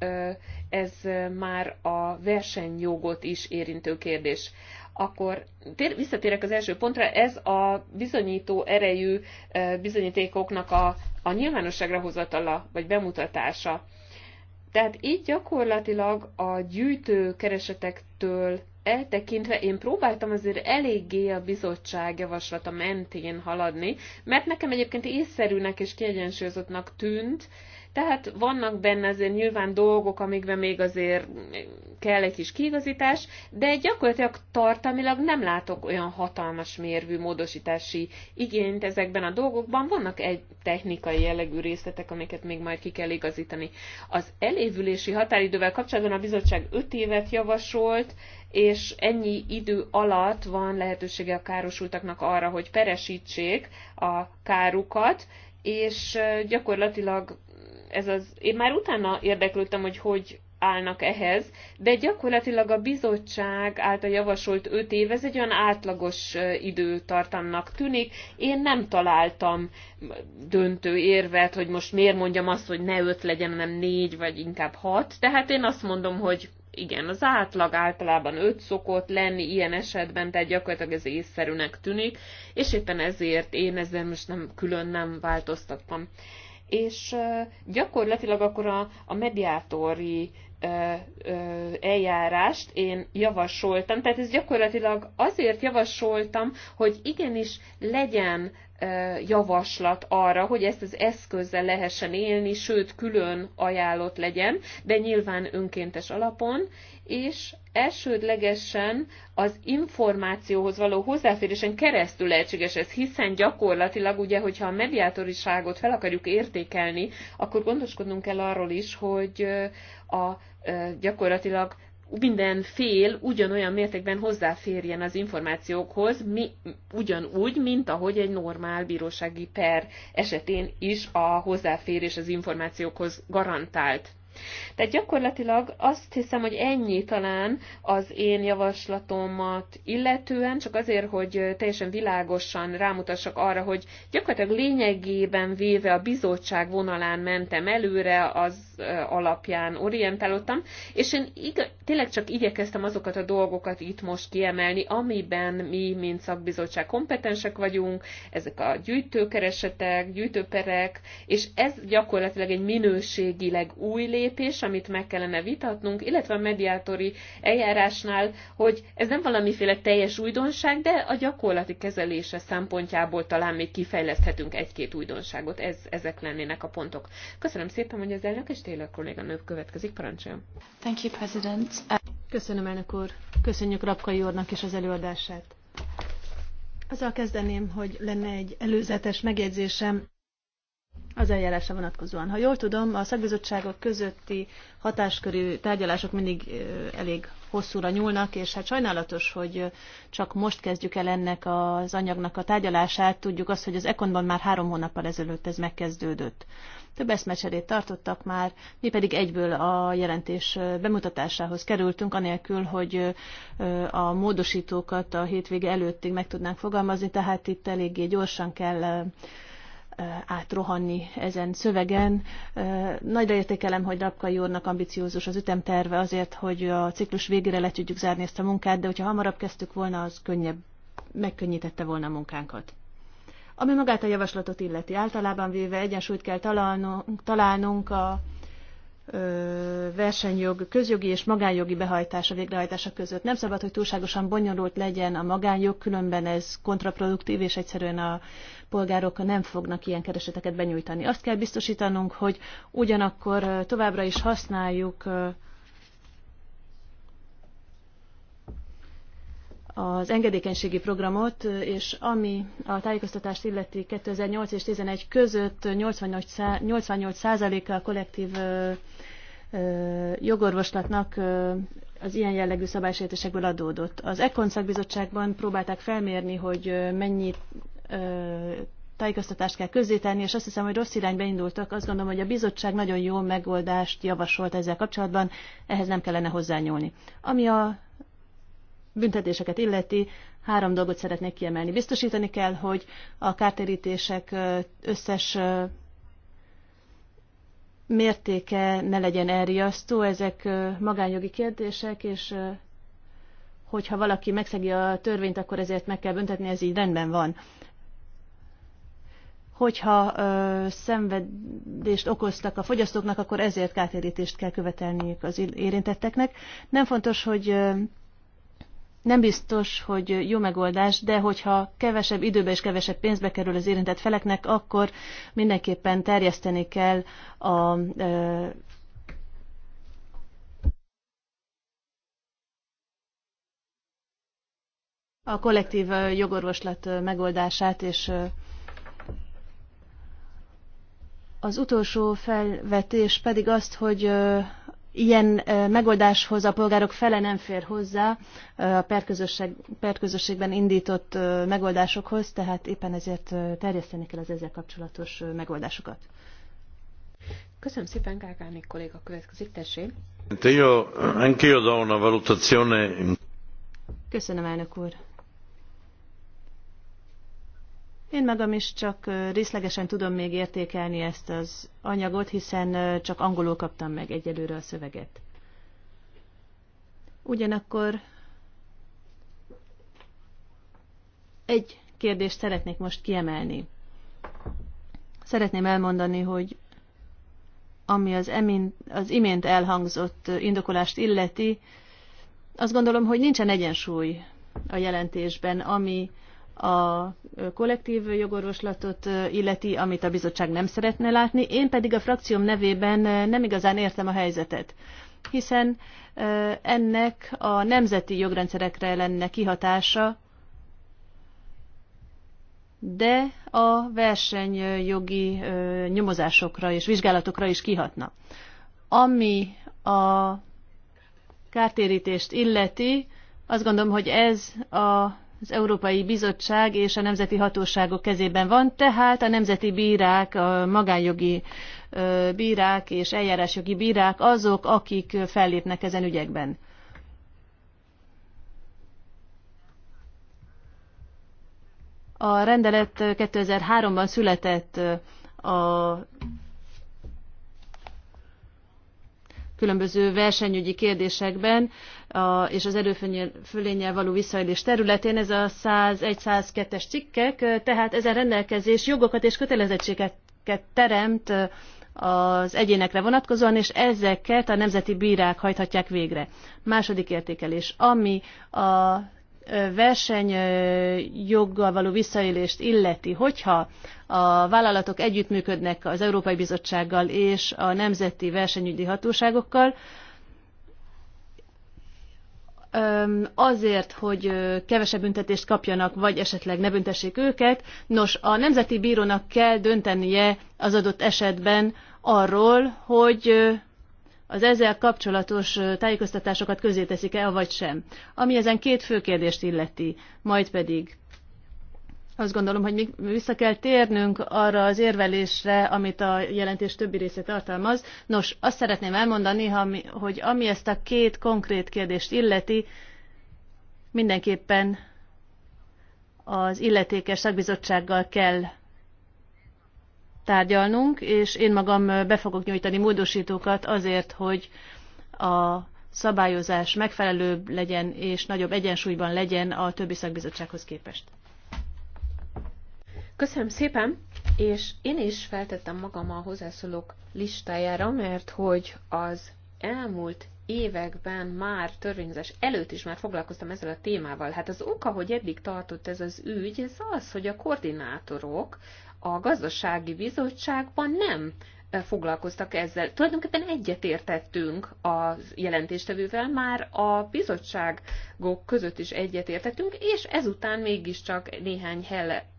ez már a versenyjogot is érintő kérdés. Akkor tér, visszatérek az első pontra, ez a bizonyító erejű bizonyítékoknak a, a nyilvánosságra hozatala vagy bemutatása. Tehát így gyakorlatilag a gyűjtő keresetektől eltekintve én próbáltam azért eléggé a bizottság javaslata mentén haladni, mert nekem egyébként észszerűnek és kiegyensúlyozottnak tűnt, tehát vannak benne azért nyilván dolgok, amikben még azért kell egy kis kiigazítás, de gyakorlatilag tartalmilag nem látok olyan hatalmas mérvű módosítási igényt ezekben a dolgokban. Vannak egy technikai jellegű részletek, amiket még majd ki kell igazítani. Az elévülési határidővel kapcsolatban a bizottság 5 évet javasolt, és ennyi idő alatt van lehetősége a károsultaknak arra, hogy peresítsék a kárukat, és gyakorlatilag ez az, én már utána érdeklődtem, hogy hogy állnak ehhez, de gyakorlatilag a bizottság által javasolt 5 év, ez egy olyan átlagos időtartamnak tűnik. Én nem találtam döntő érvet, hogy most miért mondjam azt, hogy ne 5 legyen, hanem 4 vagy inkább 6. Tehát én azt mondom, hogy igen, az átlag általában 5 szokott lenni ilyen esetben, tehát gyakorlatilag ez észszerűnek tűnik, és éppen ezért én ezzel most nem külön nem változtattam és gyakorlatilag akkor a, a mediátori eljárást én javasoltam, tehát ez gyakorlatilag azért javasoltam, hogy igenis legyen javaslat arra, hogy ezt az eszközzel lehessen élni, sőt külön ajánlott legyen, de nyilván önkéntes alapon, és elsődlegesen az információhoz való hozzáférésen keresztül lehetséges ez, hiszen gyakorlatilag ugye, hogyha a mediátoriságot fel akarjuk értékelni, akkor gondoskodnunk kell arról is, hogy a gyakorlatilag minden fél ugyanolyan mértékben hozzáférjen az információkhoz, mi, ugyanúgy, mint ahogy egy normál bírósági per esetén is a hozzáférés az információkhoz garantált. Tehát gyakorlatilag azt hiszem, hogy ennyi talán az én javaslatomat illetően, csak azért, hogy teljesen világosan rámutassak arra, hogy gyakorlatilag lényegében véve a bizottság vonalán mentem előre, az alapján orientálódtam, és én iga, tényleg csak igyekeztem azokat a dolgokat itt most kiemelni, amiben mi, mint szakbizottság kompetensek vagyunk, ezek a gyűjtőkeresetek, gyűjtőperek, és ez gyakorlatilag egy minőségileg új lépés, lépés, amit meg kellene vitatnunk, illetve a mediátori eljárásnál, hogy ez nem valamiféle teljes újdonság, de a gyakorlati kezelése szempontjából talán még kifejleszthetünk egy-két újdonságot. Ez, ezek lennének a pontok. Köszönöm szépen, hogy az elnök és Taylor nő következik. Parancsoljon. Thank you, President. Köszönöm, elnök úr. Köszönjük Rapkai úrnak is az előadását. Azzal kezdeném, hogy lenne egy előzetes megjegyzésem az eljárásra vonatkozóan. Ha jól tudom, a szakbizottságok közötti hatáskörű tárgyalások mindig elég hosszúra nyúlnak, és hát sajnálatos, hogy csak most kezdjük el ennek az anyagnak a tárgyalását. Tudjuk azt, hogy az Ekonban már három hónappal ezelőtt ez megkezdődött. Több eszmecserét tartottak már, mi pedig egyből a jelentés bemutatásához kerültünk, anélkül, hogy a módosítókat a hétvége előttig meg tudnánk fogalmazni, tehát itt eléggé gyorsan kell átrohanni ezen szövegen. Nagyra értékelem, hogy Rapkai úrnak ambiciózus az ütemterve azért, hogy a ciklus végére le tudjuk zárni ezt a munkát, de hogyha hamarabb kezdtük volna, az könnyebb, megkönnyítette volna a munkánkat. Ami magát a javaslatot illeti, általában véve egyensúlyt kell találnunk, találnunk a versenyjog, közjogi és magánjogi behajtása, végrehajtása között. Nem szabad, hogy túlságosan bonyolult legyen a magánjog, különben ez kontraproduktív, és egyszerűen a polgárok nem fognak ilyen kereseteket benyújtani. Azt kell biztosítanunk, hogy ugyanakkor továbbra is használjuk az engedékenységi programot, és ami a tájékoztatást illeti 2008 és 2011 között 88%-a a kollektív jogorvoslatnak az ilyen jellegű szabálysértésekből adódott. Az ECON szakbizottságban próbálták felmérni, hogy mennyi tájékoztatást kell közzétenni, és azt hiszem, hogy rossz irányba indultak. Azt gondolom, hogy a bizottság nagyon jó megoldást javasolt ezzel kapcsolatban, ehhez nem kellene hozzányúlni. Ami a büntetéseket illeti, három dolgot szeretnék kiemelni. Biztosítani kell, hogy a kártérítések összes mértéke ne legyen elriasztó, ezek magánjogi kérdések, és hogyha valaki megszegi a törvényt, akkor ezért meg kell büntetni, ez így rendben van. Hogyha ö, szenvedést okoztak a fogyasztóknak, akkor ezért kártérítést kell követelniük az érintetteknek. Nem fontos, hogy nem biztos, hogy jó megoldás, de hogyha kevesebb időbe és kevesebb pénzbe kerül az érintett feleknek, akkor mindenképpen terjeszteni kell a a kollektív jogorvoslat megoldását, és az utolsó felvetés pedig azt, hogy ilyen megoldáshoz a polgárok fele nem fér hozzá a perközösségben indított megoldásokhoz, tehát éppen ezért terjeszteni kell az ezzel kapcsolatos megoldásokat. Köszönöm szépen, Gágánik kolléga következik, tessék. Köszönöm, elnök úr. Én magam is csak részlegesen tudom még értékelni ezt az anyagot, hiszen csak angolul kaptam meg egyelőre a szöveget. Ugyanakkor egy kérdést szeretnék most kiemelni. Szeretném elmondani, hogy ami az, emin, az imént elhangzott indokolást illeti, azt gondolom, hogy nincsen egyensúly a jelentésben, ami a kollektív jogorvoslatot illeti, amit a bizottság nem szeretne látni. Én pedig a frakcióm nevében nem igazán értem a helyzetet, hiszen ennek a nemzeti jogrendszerekre lenne kihatása, de a versenyjogi nyomozásokra és vizsgálatokra is kihatna. Ami a kártérítést illeti, azt gondolom, hogy ez a az Európai Bizottság és a nemzeti hatóságok kezében van, tehát a nemzeti bírák, a magánjogi bírák és eljárásjogi bírák azok, akik fellépnek ezen ügyekben. A rendelet 2003-ban született a különböző versenyügyi kérdésekben a, és az erőfölényel való visszaélés területén. Ez a 101-102-es cikkek, tehát ezen rendelkezés jogokat és kötelezettségeket teremt az egyénekre vonatkozóan, és ezeket a nemzeti bírák hajthatják végre. Második értékelés, ami a versenyjoggal való visszaélést illeti, hogyha a vállalatok együttműködnek az Európai Bizottsággal és a nemzeti versenyügyi hatóságokkal, azért, hogy kevesebb büntetést kapjanak, vagy esetleg ne büntessék őket. Nos, a nemzeti bírónak kell döntenie az adott esetben arról, hogy az ezzel kapcsolatos tájékoztatásokat közé teszik-e, vagy sem. Ami ezen két fő kérdést illeti, majd pedig azt gondolom, hogy még vissza kell térnünk arra az érvelésre, amit a jelentés többi része tartalmaz. Nos, azt szeretném elmondani, hogy ami ezt a két konkrét kérdést illeti, mindenképpen az illetékes szakbizottsággal kell tárgyalnunk, és én magam be fogok nyújtani módosítókat azért, hogy a szabályozás megfelelőbb legyen és nagyobb egyensúlyban legyen a többi szakbizottsághoz képest. Köszönöm szépen, és én is feltettem magam a hozzászólók listájára, mert hogy az elmúlt években már törvényzés előtt is már foglalkoztam ezzel a témával. Hát az oka, hogy eddig tartott ez az ügy, ez az, hogy a koordinátorok a gazdasági bizottságban nem foglalkoztak ezzel. Tulajdonképpen egyetértettünk a jelentéstevővel, már a bizottságok között is egyetértettünk, és ezután mégiscsak néhány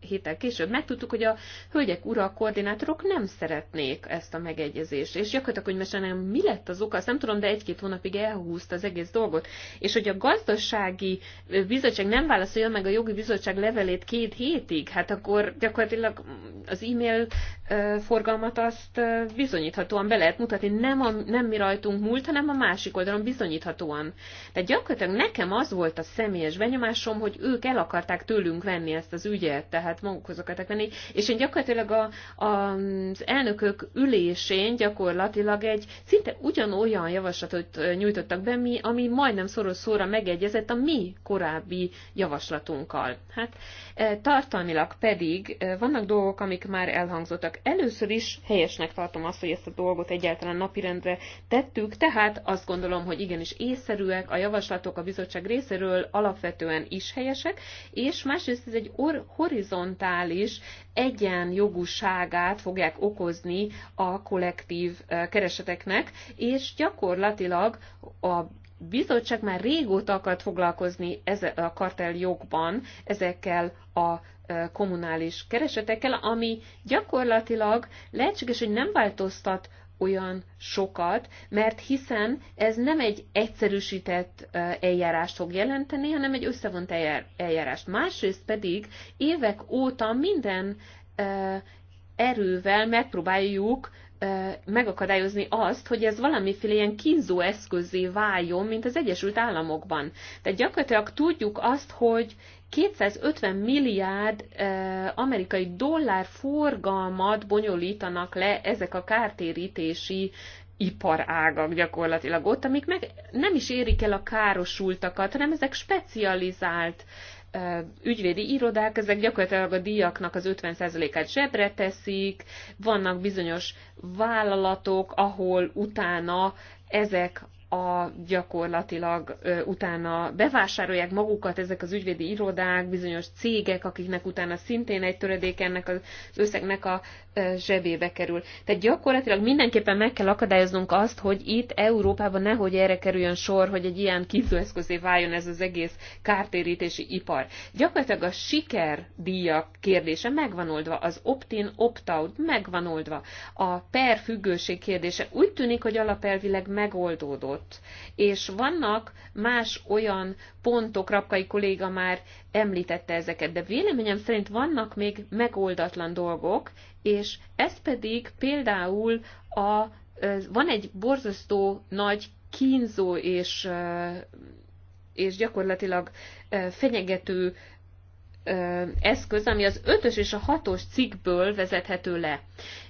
héttel később megtudtuk, hogy a hölgyek ura koordinátorok nem szeretnék ezt a megegyezést, és gyakorlatilag, hogy most nem mi lett az oka, azt nem tudom, de egy-két hónapig elhúzta az egész dolgot, és hogy a gazdasági bizottság nem válaszolja meg a jogi bizottság levelét két hétig, hát akkor gyakorlatilag az e-mail forgalmat azt bizonyíthatóan be lehet mutatni, nem, a, nem mi rajtunk múlt, hanem a másik oldalon bizonyíthatóan. Tehát gyakorlatilag nekem az volt a személyes benyomásom, hogy ők el akarták tőlünk venni ezt az ügyet, tehát magukhoz akarták venni, és én gyakorlatilag a, a, az elnökök ülésén gyakorlatilag egy szinte ugyanolyan javaslatot nyújtottak be, mi, ami majdnem szoros szóra megegyezett a mi korábbi javaslatunkkal. Hát e, tartalmilag pedig e, vannak dolgok, amik már elhangzottak. Először is helyesnek tart tartom azt, hogy ezt a dolgot egyáltalán napirendre tettük, tehát azt gondolom, hogy igenis észszerűek a javaslatok a bizottság részéről alapvetően is helyesek, és másrészt ez egy horizontális egyenjogúságát fogják okozni a kollektív kereseteknek, és gyakorlatilag a bizottság már régóta akart foglalkozni ezzel a karteljogban jogban ezekkel a kommunális keresetekkel, ami gyakorlatilag lehetséges, hogy nem változtat olyan sokat, mert hiszen ez nem egy egyszerűsített eljárást fog jelenteni, hanem egy összevont eljárást. Másrészt pedig évek óta minden erővel megpróbáljuk megakadályozni azt, hogy ez valamiféle ilyen kínzó eszközé váljon, mint az Egyesült Államokban. Tehát gyakorlatilag tudjuk azt, hogy 250 milliárd amerikai dollár forgalmat bonyolítanak le ezek a kártérítési iparágak gyakorlatilag ott, amik meg nem is érik el a károsultakat, hanem ezek specializált ügyvédi irodák, ezek gyakorlatilag a díjaknak az 50%-át zsebre teszik, vannak bizonyos vállalatok, ahol utána ezek a gyakorlatilag ö, utána bevásárolják magukat ezek az ügyvédi irodák, bizonyos cégek, akiknek utána szintén egy töredék ennek az összegnek a ö, zsebébe kerül. Tehát gyakorlatilag mindenképpen meg kell akadályoznunk azt, hogy itt Európában nehogy erre kerüljön sor, hogy egy ilyen kívüleszközé váljon ez az egész kártérítési ipar. Gyakorlatilag a sikerdíjak kérdése megvan oldva, az opt-in, opt-out megvan oldva, a per függőség kérdése úgy tűnik, hogy alapelvileg megoldódott ott, És vannak más olyan pontok, Rapkai kolléga már említette ezeket, de véleményem szerint vannak még megoldatlan dolgok, és ez pedig például a, van egy borzasztó nagy kínzó és és gyakorlatilag fenyegető eszköz, ami az ötös és a hatos cikkből vezethető le.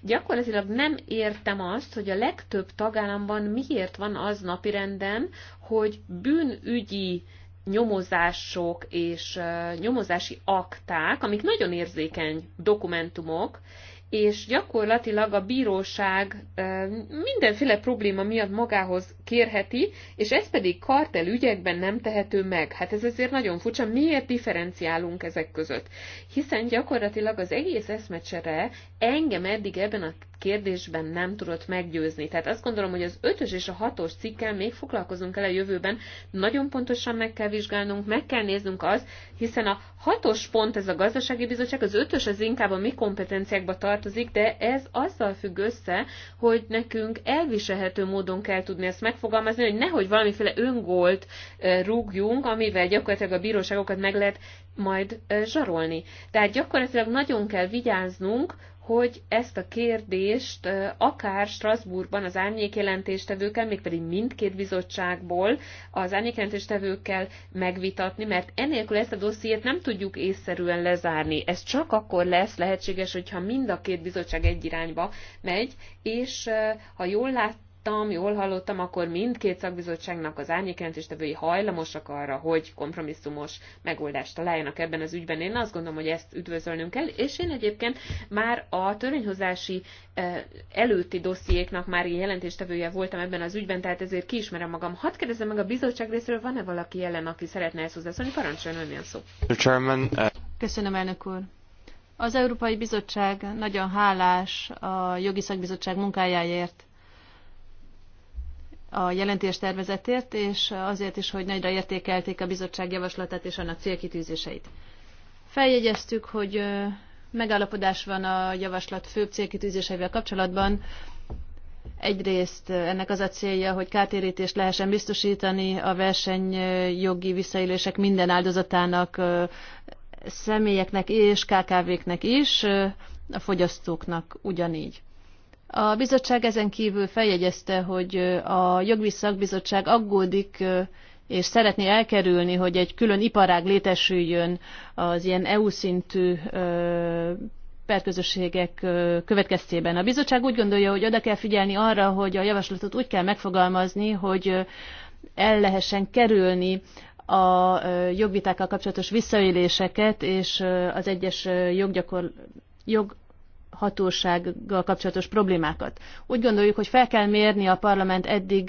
Gyakorlatilag nem értem azt, hogy a legtöbb tagállamban miért van az napirenden, hogy bűnügyi nyomozások és nyomozási akták, amik nagyon érzékeny dokumentumok, és gyakorlatilag a bíróság mindenféle probléma miatt magához kérheti, és ez pedig kartel ügyekben nem tehető meg. Hát ez azért nagyon furcsa, miért differenciálunk ezek között? Hiszen gyakorlatilag az egész eszmecsere engem eddig ebben a kérdésben nem tudott meggyőzni. Tehát azt gondolom, hogy az ötös és a hatos cikkel még foglalkozunk el a jövőben, nagyon pontosan meg kell vizsgálnunk, meg kell néznünk az, hiszen a hatos pont ez a gazdasági bizottság, az ötös az inkább a mi kompetenciákba tartozik, de ez azzal függ össze, hogy nekünk elviselhető módon kell tudni ezt meg megfogalmazni, hogy nehogy valamiféle öngolt rúgjunk, amivel gyakorlatilag a bíróságokat meg lehet majd zsarolni. Tehát gyakorlatilag nagyon kell vigyáznunk, hogy ezt a kérdést akár Strasbourgban az árnyékjelentéstevőkkel, mégpedig mindkét bizottságból az árnyékjelentéstevőkkel megvitatni, mert enélkül ezt a dossziét nem tudjuk észszerűen lezárni. Ez csak akkor lesz lehetséges, hogyha mind a két bizottság egy irányba megy, és ha jól láttam, hallottam, jól hallottam, akkor mindkét szakbizottságnak az árnyékjelentéstevői hajlamosak arra, hogy kompromisszumos megoldást találjanak ebben az ügyben. Én azt gondolom, hogy ezt üdvözölnünk kell, és én egyébként már a törvényhozási eh, előtti dossziéknak már ilyen jelentéstevője voltam ebben az ügyben, tehát ezért kiismerem magam. Hadd kérdezem meg a bizottság részéről, van-e valaki jelen, aki szeretne ezt hozzászólni? Parancsoljon, önnél szó. Eh, Köszönöm, elnök úr. Az Európai Bizottság nagyon hálás a jogi szakbizottság munkájáért a jelentés tervezetért, és azért is, hogy nagyra értékelték a bizottság javaslatát és annak célkitűzéseit. Feljegyeztük, hogy megállapodás van a javaslat főbb célkitűzéseivel kapcsolatban. Egyrészt ennek az a célja, hogy kártérítést lehessen biztosítani a versenyjogi visszaélések minden áldozatának, személyeknek és KKV-knek is, a fogyasztóknak ugyanígy. A bizottság ezen kívül feljegyezte, hogy a jogvíz szakbizottság aggódik és szeretné elkerülni, hogy egy külön iparág létesüljön az ilyen EU szintű perközösségek következtében. A bizottság úgy gondolja, hogy oda kell figyelni arra, hogy a javaslatot úgy kell megfogalmazni, hogy el lehessen kerülni a jogvitákkal kapcsolatos visszaéléseket és az egyes joggyakor, jog hatósággal kapcsolatos problémákat. Úgy gondoljuk, hogy fel kell mérni a parlament eddig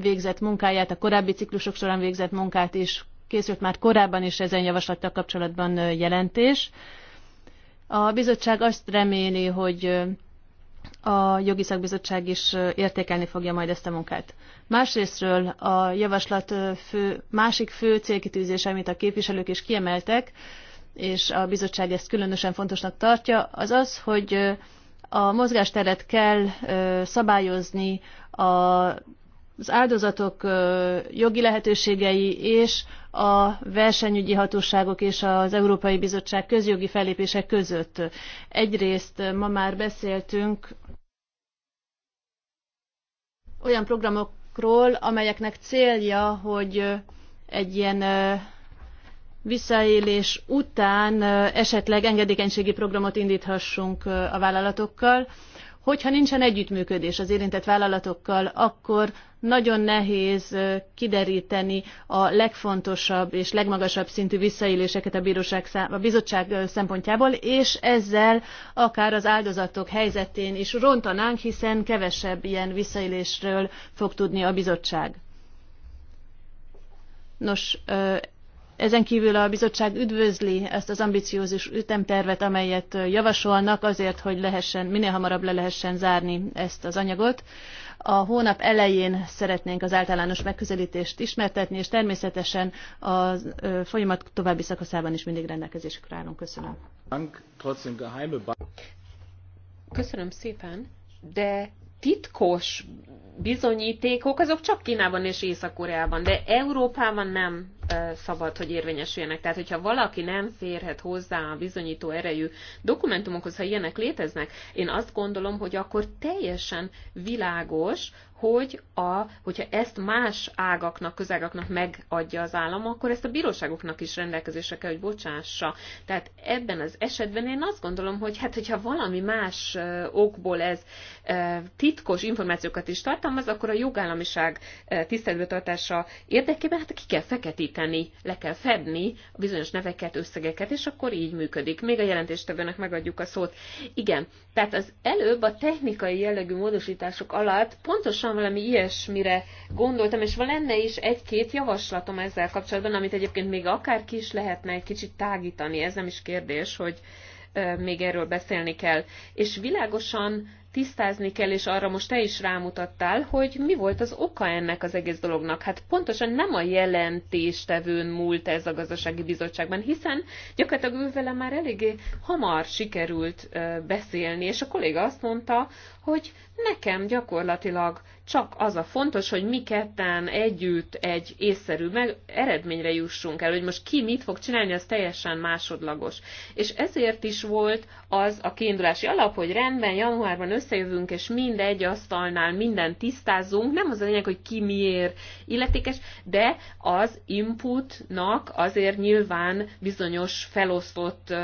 végzett munkáját, a korábbi ciklusok során végzett munkát is. Készült már korábban is ezen javaslattal kapcsolatban jelentés. A bizottság azt reméli, hogy a jogi szakbizottság is értékelni fogja majd ezt a munkát. Másrésztről a javaslat fő, másik fő célkitűzése, amit a képviselők is kiemeltek, és a bizottság ezt különösen fontosnak tartja, az az, hogy a mozgásteret kell szabályozni a az áldozatok jogi lehetőségei és a versenyügyi hatóságok és az Európai Bizottság közjogi fellépések között. Egyrészt ma már beszéltünk olyan programokról, amelyeknek célja, hogy egy ilyen visszaélés után esetleg engedékenységi programot indíthassunk a vállalatokkal. Hogyha nincsen együttműködés az érintett vállalatokkal, akkor nagyon nehéz kideríteni a legfontosabb és legmagasabb szintű visszaéléseket a, bíróság szám, a bizottság szempontjából, és ezzel akár az áldozatok helyzetén is rontanánk, hiszen kevesebb ilyen visszaélésről fog tudni a bizottság. Nos, ezen kívül a bizottság üdvözli ezt az ambiciózus ütemtervet, amelyet javasolnak azért, hogy lehessen, minél hamarabb le lehessen zárni ezt az anyagot. A hónap elején szeretnénk az általános megközelítést ismertetni, és természetesen a folyamat további szakaszában is mindig rendelkezésükre állunk. Köszönöm. Köszönöm szépen, de titkos bizonyítékok azok csak Kínában és Észak-Koreában, de Európában nem szabad, hogy érvényesüljenek. Tehát, hogyha valaki nem férhet hozzá a bizonyító erejű dokumentumokhoz, ha ilyenek léteznek, én azt gondolom, hogy akkor teljesen világos, hogy a, hogyha ezt más ágaknak, közágaknak megadja az állam, akkor ezt a bíróságoknak is rendelkezésre kell, hogy bocsássa. Tehát ebben az esetben én azt gondolom, hogy hát, hogyha valami más okból ez titkos információkat is tartalmaz, akkor a jogállamiság tartása érdekében hát ki kell feketíteni azonosítani, le kell fedni a bizonyos neveket, összegeket, és akkor így működik. Még a jelentéstevőnek megadjuk a szót. Igen, tehát az előbb a technikai jellegű módosítások alatt pontosan valami ilyesmire gondoltam, és lenne is egy-két javaslatom ezzel kapcsolatban, amit egyébként még ki is lehetne egy kicsit tágítani, ez nem is kérdés, hogy még erről beszélni kell. És világosan tisztázni kell, és arra most te is rámutattál, hogy mi volt az oka ennek az egész dolognak. Hát pontosan nem a jelentéstevőn múlt ez a gazdasági bizottságban, hiszen gyakorlatilag ő vele már eléggé hamar sikerült beszélni, és a kolléga azt mondta, hogy nekem gyakorlatilag csak az a fontos, hogy mi ketten együtt egy észszerű meg eredményre jussunk el, hogy most ki mit fog csinálni, az teljesen másodlagos. És ezért is volt az a kiindulási alap, hogy rendben, januárban összejövünk, és mindegy asztalnál mindent tisztázunk, nem az a lényeg, hogy ki miért illetékes, de az inputnak azért nyilván bizonyos felosztott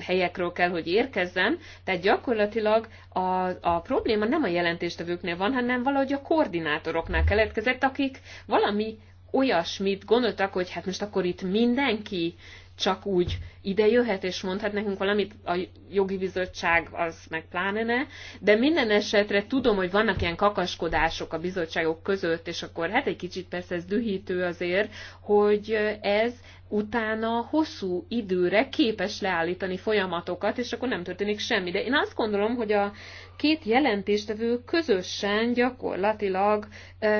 helyekről kell, hogy érkezzen, tehát gyakorlatilag a, a probléma nem a jelentéstevőknél van, hanem valahogy a koordinátoroknál keletkezett, akik valami olyasmit gondoltak, hogy hát most akkor itt mindenki csak úgy ide jöhet és mondhat nekünk valamit, a jogi bizottság az meg pláne ne, de minden esetre tudom, hogy vannak ilyen kakaskodások a bizottságok között, és akkor hát egy kicsit persze ez dühítő azért, hogy ez utána hosszú időre képes leállítani folyamatokat, és akkor nem történik semmi. De én azt gondolom, hogy a két jelentéstevő közösen gyakorlatilag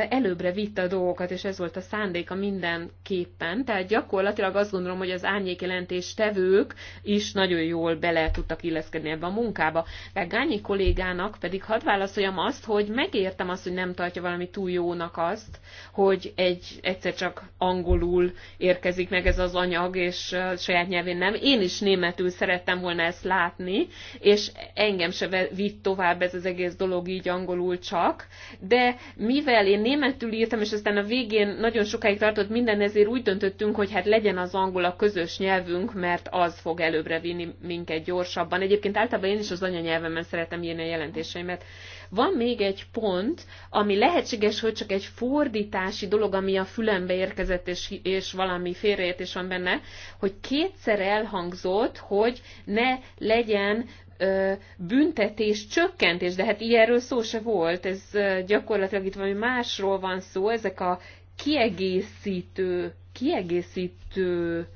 előbbre vitte a dolgokat, és ez volt a szándéka mindenképpen. Tehát gyakorlatilag azt gondolom, hogy az árnyék jelentéstevő vevők is nagyon jól bele tudtak illeszkedni ebbe a munkába. De Gányi kollégának pedig hadd válaszoljam azt, hogy megértem azt, hogy nem tartja valami túl jónak azt, hogy egy egyszer csak angolul érkezik meg ez az anyag, és saját nyelvén nem. Én is németül szerettem volna ezt látni, és engem se vitt tovább ez az egész dolog így angolul csak, de mivel én németül írtam, és aztán a végén nagyon sokáig tartott minden, ezért úgy döntöttünk, hogy hát legyen az angol a közös nyelvünk, mert mert az fog előbbre vinni minket gyorsabban. Egyébként általában én is az anyanyelvemen szeretem írni a jelentéseimet. Van még egy pont, ami lehetséges, hogy csak egy fordítási dolog, ami a fülembe érkezett, és, és valami félreértés van benne, hogy kétszer elhangzott, hogy ne legyen ö, büntetés, csökkentés, de hát ilyenről szó se volt, ez gyakorlatilag itt valami másról van szó, ezek a kiegészítő, kiegészítő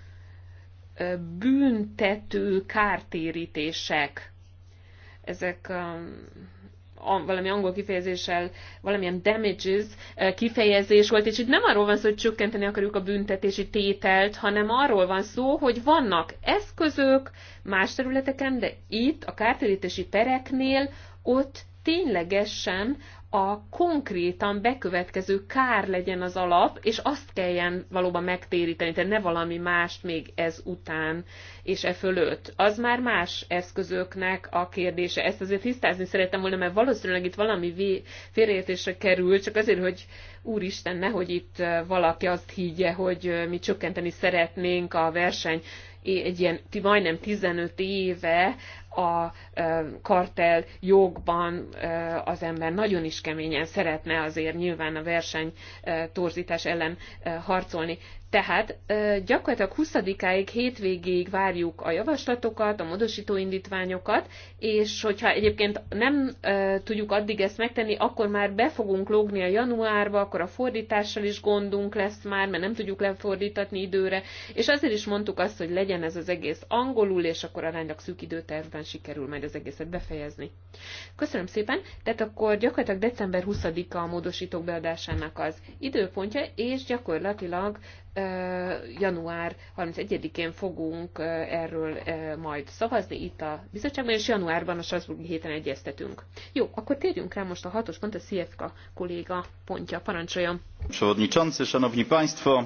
büntető kártérítések. Ezek um, a, valami angol kifejezéssel, valamilyen damages eh, kifejezés volt, és itt nem arról van szó, hogy csökkenteni akarjuk a büntetési tételt, hanem arról van szó, hogy vannak eszközök más területeken, de itt a kártérítési pereknél ott ténylegesen a konkrétan bekövetkező kár legyen az alap, és azt kelljen valóban megtéríteni, tehát ne valami mást még ez után és e fölött. Az már más eszközöknek a kérdése. Ezt azért tisztázni szerettem volna, mert valószínűleg itt valami félreértésre kerül, csak azért, hogy úristen, nehogy itt valaki azt higgye, hogy mi csökkenteni szeretnénk a verseny egy ilyen majdnem 15 éve a kartel jogban az ember nagyon is keményen szeretne azért nyilván a verseny torzítás ellen harcolni. Tehát gyakorlatilag 20-áig, hétvégéig várjuk a javaslatokat, a módosító indítványokat, és hogyha egyébként nem tudjuk addig ezt megtenni, akkor már be fogunk lógni a januárba, akkor a fordítással is gondunk lesz már, mert nem tudjuk lefordítatni időre, és azért is mondtuk azt, hogy legyen ez az egész angolul, és akkor aránylag szűk időtervben szépen sikerül majd az egészet befejezni. Köszönöm szépen, tehát akkor gyakorlatilag december 20-a a módosítók beadásának az időpontja, és gyakorlatilag január 31-én fogunk erről majd szavazni itt a bizottságban, és januárban a Strasburgi héten egyeztetünk. Jó, akkor térjünk rá most a hatos pont, a CFK kolléga pontja. Parancsoljon! Przewodniczący, Szanowni Państwo,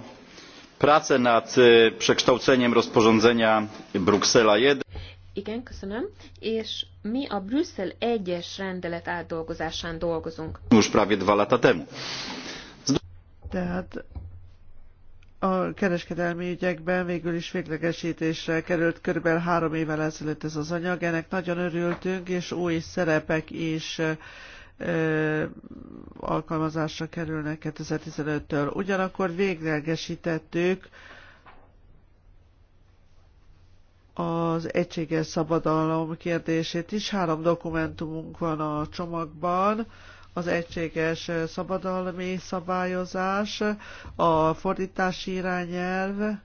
prace nad e, przekształceniem rozporządzenia Bruksela 1 igen, köszönöm. És mi a Brüsszel egyes rendelet átdolgozásán dolgozunk. Most prawie dwa lata temu. Tehát a kereskedelmi ügyekben végül is véglegesítésre került körülbelül három évvel ezelőtt ez az anyag. Ennek nagyon örültünk, és új szerepek is alkalmazásra kerülnek 2015-től. Ugyanakkor véglegesítettük az egységes szabadalom kérdését is. Három dokumentumunk van a csomagban. Az egységes szabadalmi szabályozás, a fordítási irányelv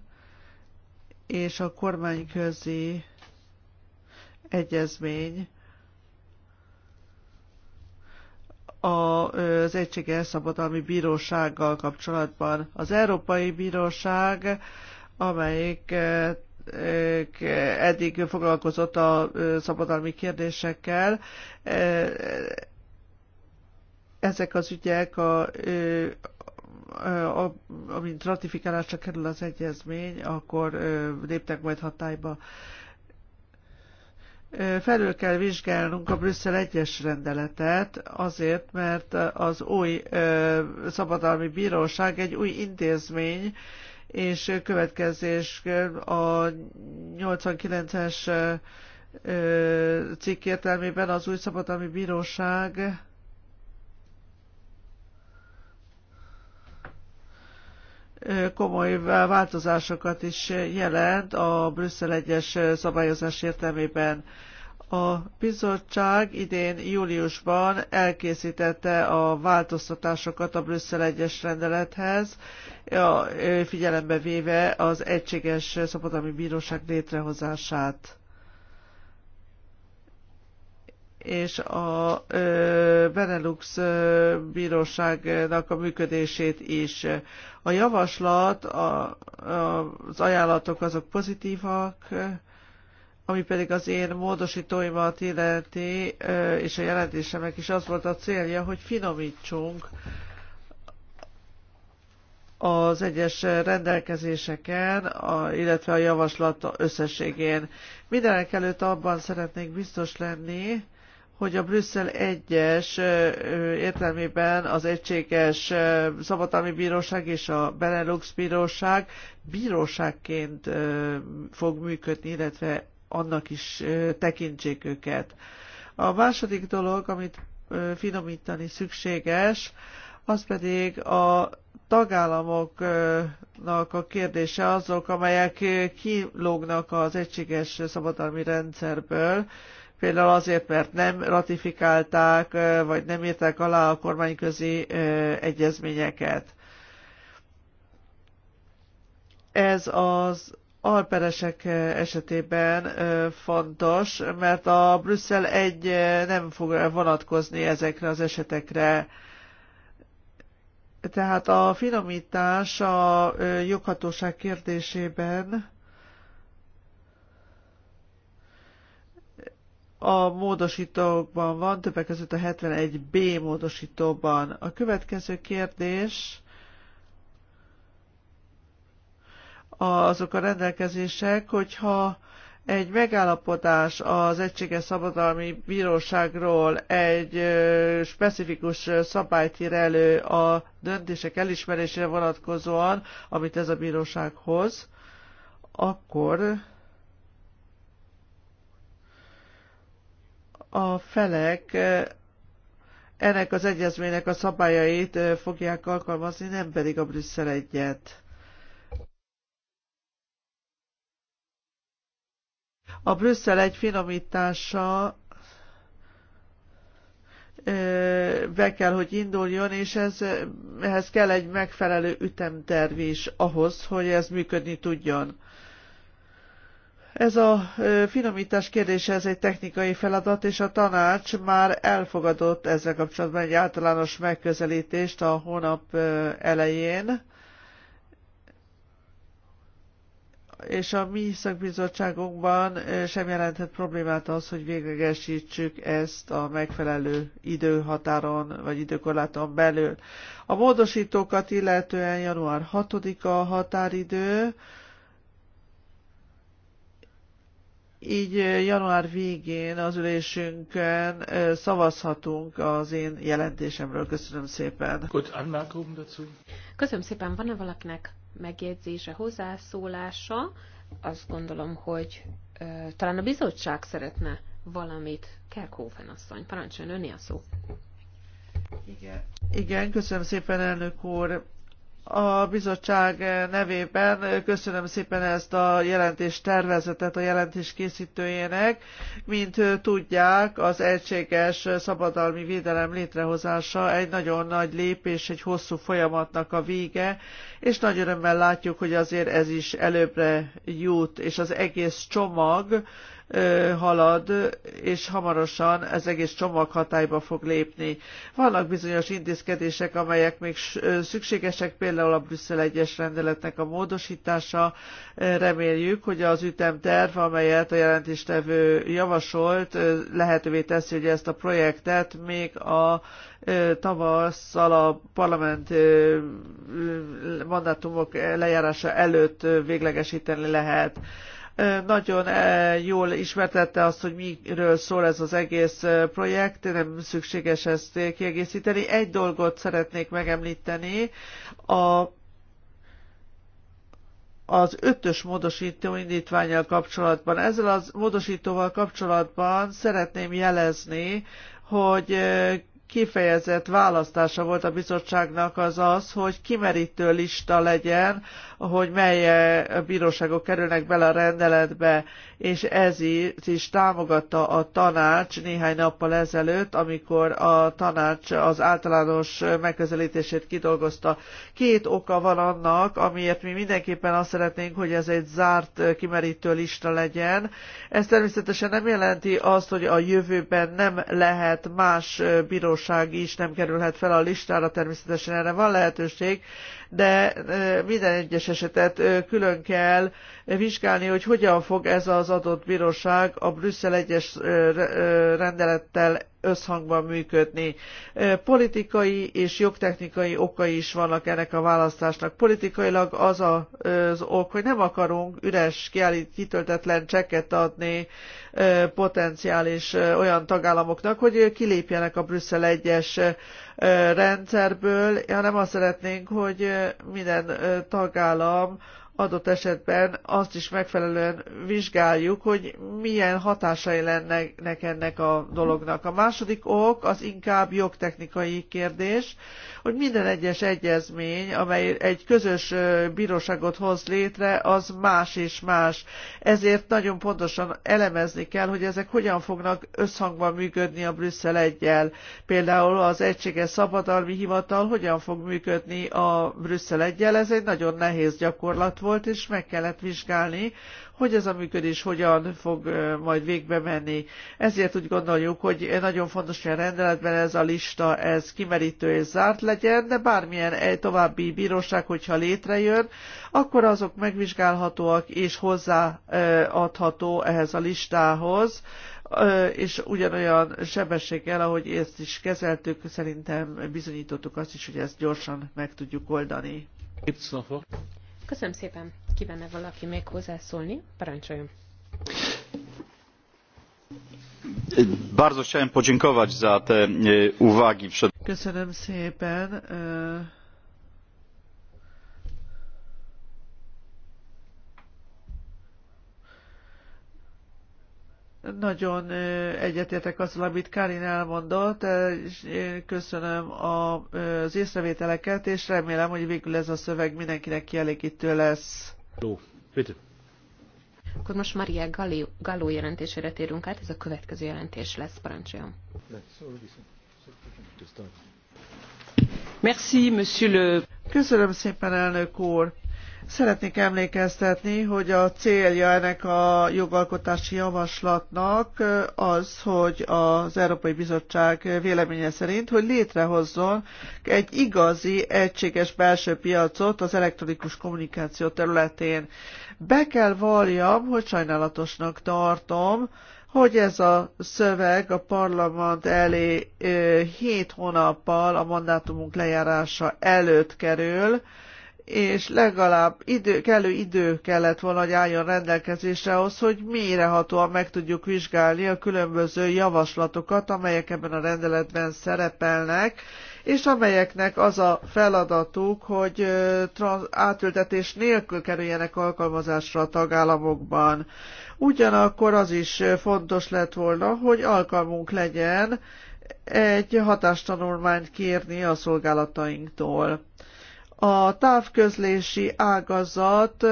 és a kormányközi egyezmény az Egységes Szabadalmi Bírósággal kapcsolatban. Az Európai Bíróság, amelyiket eddig foglalkozott a szabadalmi kérdésekkel. Ezek az ügyek, a, a, amint ratifikálásra kerül az egyezmény, akkor léptek majd hatályba. Felül kell vizsgálnunk a Brüsszel egyes rendeletet, azért, mert az új szabadalmi bíróság egy új intézmény, és következés a 89-es cikk értelmében az új szabadalmi bíróság komoly változásokat is jelent a Brüsszel egyes szabályozás értelmében. A bizottság idén júliusban elkészítette a változtatásokat a Brüsszel egyes rendelethez, figyelembe véve az egységes szabadalmi bíróság létrehozását és a Benelux bíróságnak a működését is. A javaslat, a, az ajánlatok azok pozitívak, ami pedig az én módosítóimat illeti, és a jelentésemnek is az volt a célja, hogy finomítsunk az egyes rendelkezéseken, a, illetve a javaslat összességén. Mindenek előtt abban szeretnék biztos lenni, hogy a Brüsszel egyes értelmében az egységes szabadalmi bíróság és a Benelux bíróság bíróságként fog működni, illetve annak is tekintsék őket. A második dolog, amit finomítani szükséges, az pedig a tagállamoknak a kérdése azok, amelyek kilógnak az egységes szabadalmi rendszerből, például azért, mert nem ratifikálták, vagy nem írták alá a kormányközi egyezményeket. Ez az alperesek eh, esetében eh, fontos, mert a Brüsszel egy eh, nem fog vonatkozni ezekre az esetekre. Tehát a finomítás a joghatóság kérdésében a módosítókban van, többek között a 71B módosítóban. A következő kérdés azok a rendelkezések, hogyha egy megállapodás az Egységes Szabadalmi Bíróságról egy specifikus szabályt ír elő a döntések elismerésére vonatkozóan, amit ez a bíróság hoz, akkor a felek ennek az egyezménynek a szabályait fogják alkalmazni, nem pedig a Brüsszel egyet. A Brüsszel egy finomítása be kell, hogy induljon, és ez, ehhez kell egy megfelelő ütemterv is ahhoz, hogy ez működni tudjon. Ez a finomítás kérdése, ez egy technikai feladat, és a tanács már elfogadott ezzel kapcsolatban egy általános megközelítést a hónap elején és a mi szakbizottságunkban sem jelenthet problémát az, hogy véglegesítsük ezt a megfelelő időhatáron vagy időkorláton belül. A módosítókat illetően január 6-a a határidő, így január végén az ülésünkön szavazhatunk az én jelentésemről. Köszönöm szépen. Köszönöm szépen. Van-e valakinek megjegyzése, hozzászólása. Azt gondolom, hogy ö, talán a bizottság szeretne valamit. Kerkhoven asszony, parancsoljon, önni a szó. Igen. Igen, köszönöm szépen, elnök úr. A bizottság nevében köszönöm szépen ezt a jelentés tervezetet a jelentés készítőjének. Mint tudják, az egységes szabadalmi védelem létrehozása egy nagyon nagy lépés, egy hosszú folyamatnak a vége, és nagy örömmel látjuk, hogy azért ez is előbbre jut, és az egész csomag, halad, és hamarosan ez egész csomag hatályba fog lépni. Vannak bizonyos intézkedések, amelyek még szükségesek, például a Brüsszel egyes rendeletnek a módosítása. Reméljük, hogy az ütemterv, amelyet a jelentéstevő javasolt, lehetővé teszi, hogy ezt a projektet még a tavasszal a parlament mandátumok lejárása előtt véglegesíteni lehet. Nagyon jól ismertette azt, hogy miről szól ez az egész projekt, nem szükséges ezt kiegészíteni. Egy dolgot szeretnék megemlíteni, a az ötös módosító indítványjal kapcsolatban. Ezzel az módosítóval kapcsolatban szeretném jelezni, hogy kifejezett választása volt a bizottságnak az az, hogy kimerítő lista legyen, hogy mely bíróságok kerülnek bele a rendeletbe, és ez is támogatta a tanács néhány nappal ezelőtt, amikor a tanács az általános megközelítését kidolgozta. Két oka van annak, amiért mi mindenképpen azt szeretnénk, hogy ez egy zárt kimerítő lista legyen. Ez természetesen nem jelenti azt, hogy a jövőben nem lehet más bíróság bíróság is nem kerülhet fel a listára, természetesen erre van lehetőség, de minden egyes esetet külön kell vizsgálni, hogy hogyan fog ez az adott bíróság a Brüsszel egyes rendelettel összhangban működni. Politikai és jogtechnikai okai is vannak ennek a választásnak. Politikailag az a, az ok, hogy nem akarunk üres, kiállít, kitöltetlen csekket adni potenciális olyan tagállamoknak, hogy kilépjenek a Brüsszel egyes rendszerből, hanem azt szeretnénk, hogy minden tagállam adott esetben azt is megfelelően vizsgáljuk, hogy milyen hatásai lennek ennek a dolognak. A második ok az inkább jogtechnikai kérdés hogy minden egyes egyezmény, amely egy közös bíróságot hoz létre, az más és más. Ezért nagyon pontosan elemezni kell, hogy ezek hogyan fognak összhangban működni a Brüsszel egyel. Például az Egységes Szabadalmi Hivatal hogyan fog működni a Brüsszel egyel. Ez egy nagyon nehéz gyakorlat volt, és meg kellett vizsgálni, hogy ez a működés hogyan fog majd végbe menni. Ezért úgy gondoljuk, hogy nagyon fontos, hogy a rendeletben ez a lista, ez kimerítő és zárt legyen, de bármilyen eh, további bíróság, hogyha létrejön, akkor azok megvizsgálhatóak és hozzáadható ehhez a listához, és ugyanolyan sebességgel, ahogy ezt is kezeltük, szerintem bizonyítottuk azt is, hogy ezt gyorsan meg tudjuk oldani. Köszönöm szépen! Kívánne valaki még hozzászólni? Parancsoljon! Bardzo chciałem podziękować za te e, uwagi. Köszönöm szépen. E, nagyon e, egyetértek azzal, amit Karin elmondott, és én köszönöm az észrevételeket, és remélem, hogy végül ez a szöveg mindenkinek kielégítő lesz. Akkor most Maria Galó jelentésére térünk át, ez a következő jelentés lesz, parancsoljon. Merci, monsieur le... Köszönöm szépen, elnök úr! Szeretnék emlékeztetni, hogy a célja ennek a jogalkotási javaslatnak az, hogy az Európai Bizottság véleménye szerint, hogy létrehozzon egy igazi, egységes belső piacot az elektronikus kommunikáció területén. Be kell valljam, hogy sajnálatosnak tartom, hogy ez a szöveg a parlament elé 7 hónappal a mandátumunk lejárása előtt kerül, és legalább idő, kellő idő kellett volna, hogy álljon rendelkezésre ahhoz, hogy mélyrehatóan meg tudjuk vizsgálni a különböző javaslatokat, amelyek ebben a rendeletben szerepelnek, és amelyeknek az a feladatuk, hogy átültetés nélkül kerüljenek alkalmazásra a tagállamokban. Ugyanakkor az is fontos lett volna, hogy alkalmunk legyen egy hatástanulmányt kérni a szolgálatainktól a távközlési ágazat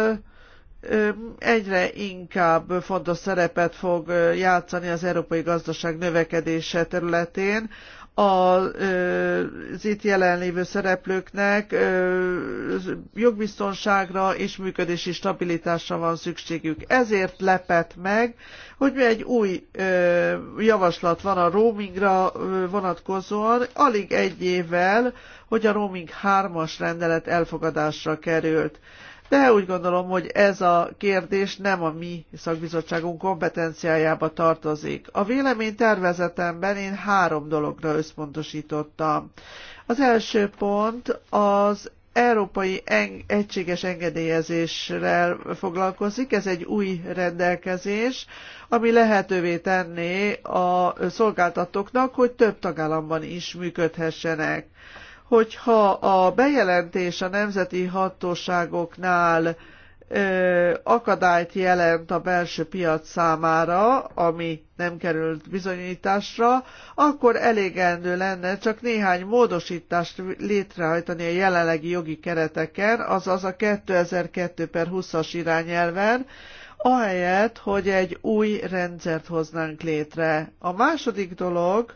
egyre inkább fontos szerepet fog játszani az európai gazdaság növekedése területén, az itt jelenlévő szereplőknek jogbiztonságra és működési stabilitásra van szükségük. Ezért lepett meg, hogy egy új javaslat van a roamingra vonatkozóan, alig egy évvel, hogy a roaming 3-as rendelet elfogadásra került de úgy gondolom, hogy ez a kérdés nem a mi szakbizottságunk kompetenciájába tartozik. A vélemény tervezetemben én három dologra összpontosítottam. Az első pont az európai eng- egységes engedélyezésrel foglalkozik. Ez egy új rendelkezés, ami lehetővé tenné a szolgáltatóknak, hogy több tagállamban is működhessenek hogyha a bejelentés a nemzeti hatóságoknál akadályt jelent a belső piac számára, ami nem került bizonyításra, akkor elégendő lenne csak néhány módosítást létrehajtani a jelenlegi jogi kereteken, azaz a 2002 per 20-as irányelven, ahelyett, hogy egy új rendszert hoznánk létre. A második dolog,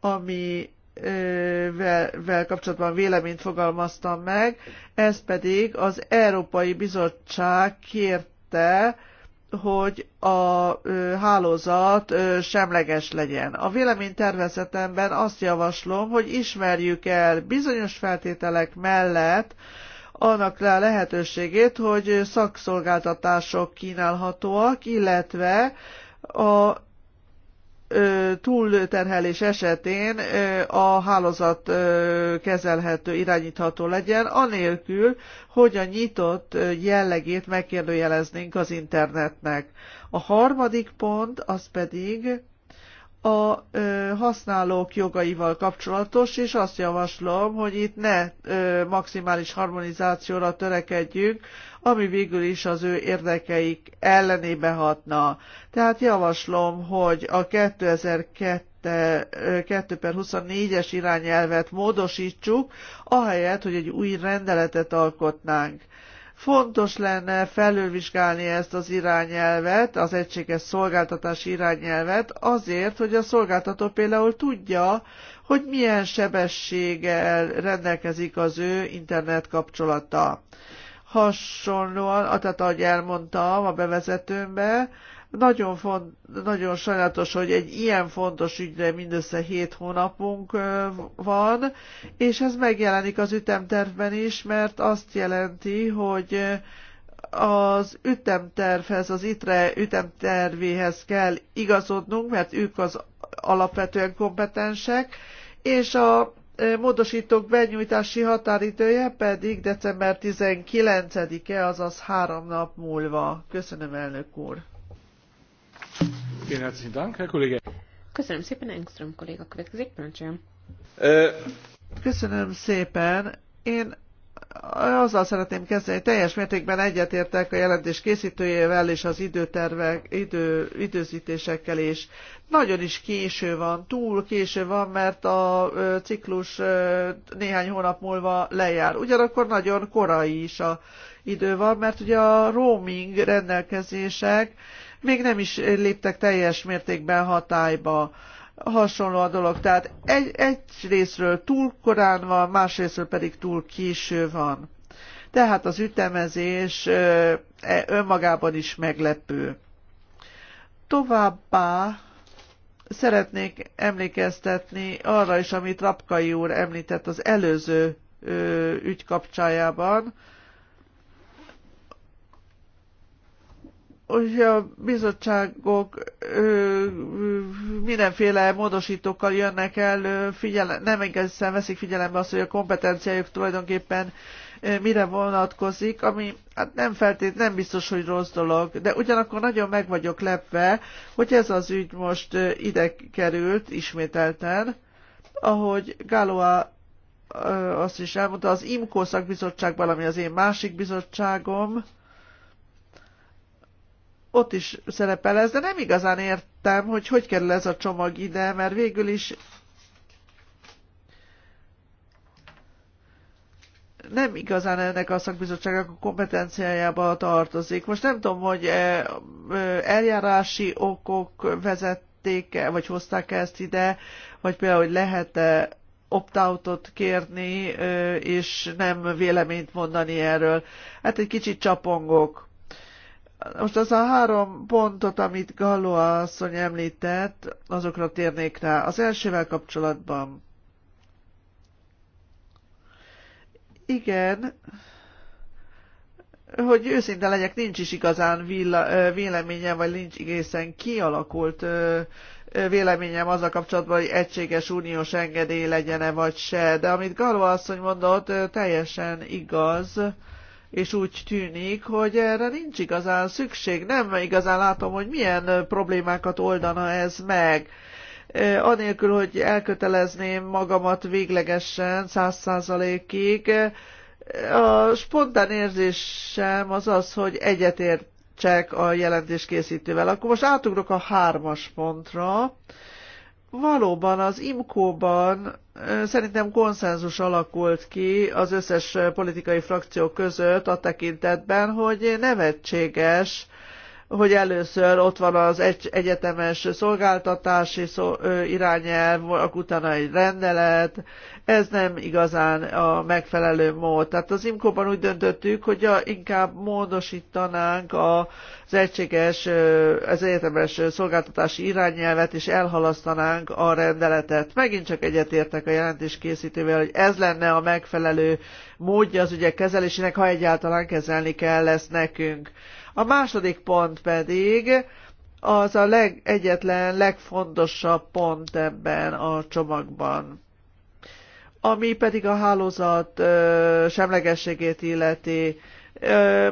ami vel kapcsolatban véleményt fogalmaztam meg, ez pedig az Európai Bizottság kérte, hogy a hálózat semleges legyen. A véleménytervezetemben azt javaslom, hogy ismerjük el bizonyos feltételek mellett annak le lehetőségét, hogy szakszolgáltatások kínálhatóak, illetve a túlterhelés esetén a hálózat kezelhető, irányítható legyen, anélkül, hogy a nyitott jellegét megkérdőjeleznénk az internetnek. A harmadik pont az pedig a használók jogaival kapcsolatos, és azt javaslom, hogy itt ne maximális harmonizációra törekedjünk, ami végül is az ő érdekeik ellenébe hatna. Tehát javaslom, hogy a 2002 2 per 24-es irányelvet módosítsuk, ahelyett, hogy egy új rendeletet alkotnánk. Fontos lenne felülvizsgálni ezt az irányelvet, az egységes szolgáltatás irányelvet, azért, hogy a szolgáltató például tudja, hogy milyen sebességgel rendelkezik az ő internet kapcsolata hasonlóan, tehát ahogy elmondtam a bevezetőmbe, nagyon, font, nagyon sajnálatos, hogy egy ilyen fontos ügyre mindössze 7 hónapunk van, és ez megjelenik az ütemtervben is, mert azt jelenti, hogy az ütemtervhez, az ITRE ütemtervéhez kell igazodnunk, mert ők az alapvetően kompetensek, és a módosítók benyújtási határidője pedig december 19-e, azaz három nap múlva. Köszönöm, elnök úr. Köszönöm szépen, Engström kolléga következik, parancsoljon. Köszönöm szépen. Én azzal szeretném kezdeni, hogy teljes mértékben egyetértek a jelentés készítőjével és az időtervek, idő, időzítésekkel is. Nagyon is késő van, túl késő van, mert a ciklus néhány hónap múlva lejár. Ugyanakkor nagyon korai is a idő van, mert ugye a roaming rendelkezések még nem is léptek teljes mértékben hatályba hasonló a dolog. Tehát egy, egy részről túl korán van, más részről pedig túl késő van. Tehát az ütemezés e, önmagában is meglepő. Továbbá szeretnék emlékeztetni arra is, amit Rapkai úr említett az előző ügy kapcsájában, hogy a bizottságok ö, mindenféle módosítókkal jönnek el, figyele, nem egészen veszik figyelembe azt, hogy a kompetenciájuk tulajdonképpen ö, mire vonatkozik, ami hát nem feltét, nem biztos, hogy rossz dolog, de ugyanakkor nagyon meg vagyok lepve, hogy ez az ügy most ö, ide került ismételten, ahogy Galoa azt is elmondta, az IMKO szakbizottság ami az én másik bizottságom, ott is szerepel ez, de nem igazán értem, hogy hogy kerül ez a csomag ide, mert végül is nem igazán ennek a szakbizottságnak a kompetenciájába tartozik. Most nem tudom, hogy e, e, eljárási okok vezették -e, vagy hozták -e ezt ide, vagy például, hogy lehet-e opt-outot kérni, és nem véleményt mondani erről. Hát egy kicsit csapongok. Most az a három pontot, amit Galló asszony említett, azokra térnék rá. Az elsővel kapcsolatban. Igen, hogy őszinte legyek, nincs is igazán véleményem, vagy nincs egészen kialakult véleményem a kapcsolatban, hogy egységes uniós engedély legyen-e vagy se. De amit Galva asszony mondott, teljesen igaz és úgy tűnik, hogy erre nincs igazán szükség. Nem igazán látom, hogy milyen problémákat oldana ez meg. Anélkül, hogy elkötelezném magamat véglegesen száz százalékig, a spontán érzésem az az, hogy egyetértsek a jelentéskészítővel. Akkor most átugrok a hármas pontra valóban az IMCO-ban szerintem konszenzus alakult ki az összes politikai frakció között a tekintetben, hogy nevetséges, hogy először ott van az egy, egyetemes szolgáltatási szol, ö, irányelv, utána egy rendelet, ez nem igazán a megfelelő mód. Tehát az IMCO-ban úgy döntöttük, hogy a, inkább módosítanánk az egységes, az egyetemes szolgáltatási irányelvet, és elhalasztanánk a rendeletet. Megint csak egyetértek a jelentés készítővel, hogy ez lenne a megfelelő módja az ügyek kezelésének, ha egyáltalán kezelni kell lesz nekünk. A második pont pedig, az a leg, egyetlen legfontosabb pont ebben a csomagban ami pedig a hálózat semlegességét illeti.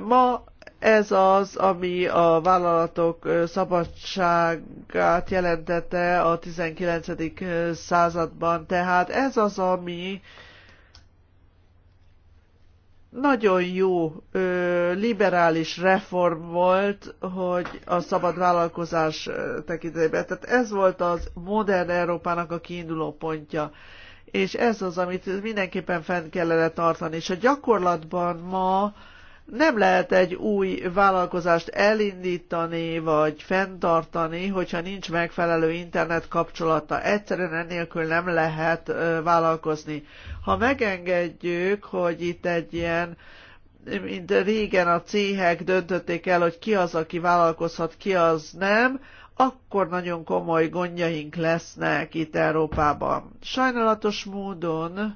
Ma ez az, ami a vállalatok szabadságát jelentette a 19. században. Tehát ez az, ami nagyon jó ö, liberális reform volt, hogy a szabad vállalkozás tekintetében. Tehát ez volt az modern Európának a kiinduló pontja és ez az, amit mindenképpen fenn kellene tartani. És a gyakorlatban ma nem lehet egy új vállalkozást elindítani vagy fenntartani, hogyha nincs megfelelő internet kapcsolata. Egyszerűen ennélkül nem lehet vállalkozni. Ha megengedjük, hogy itt egy ilyen mint régen a céhek döntötték el, hogy ki az, aki vállalkozhat, ki az nem, akkor nagyon komoly gondjaink lesznek itt Európában. Sajnálatos módon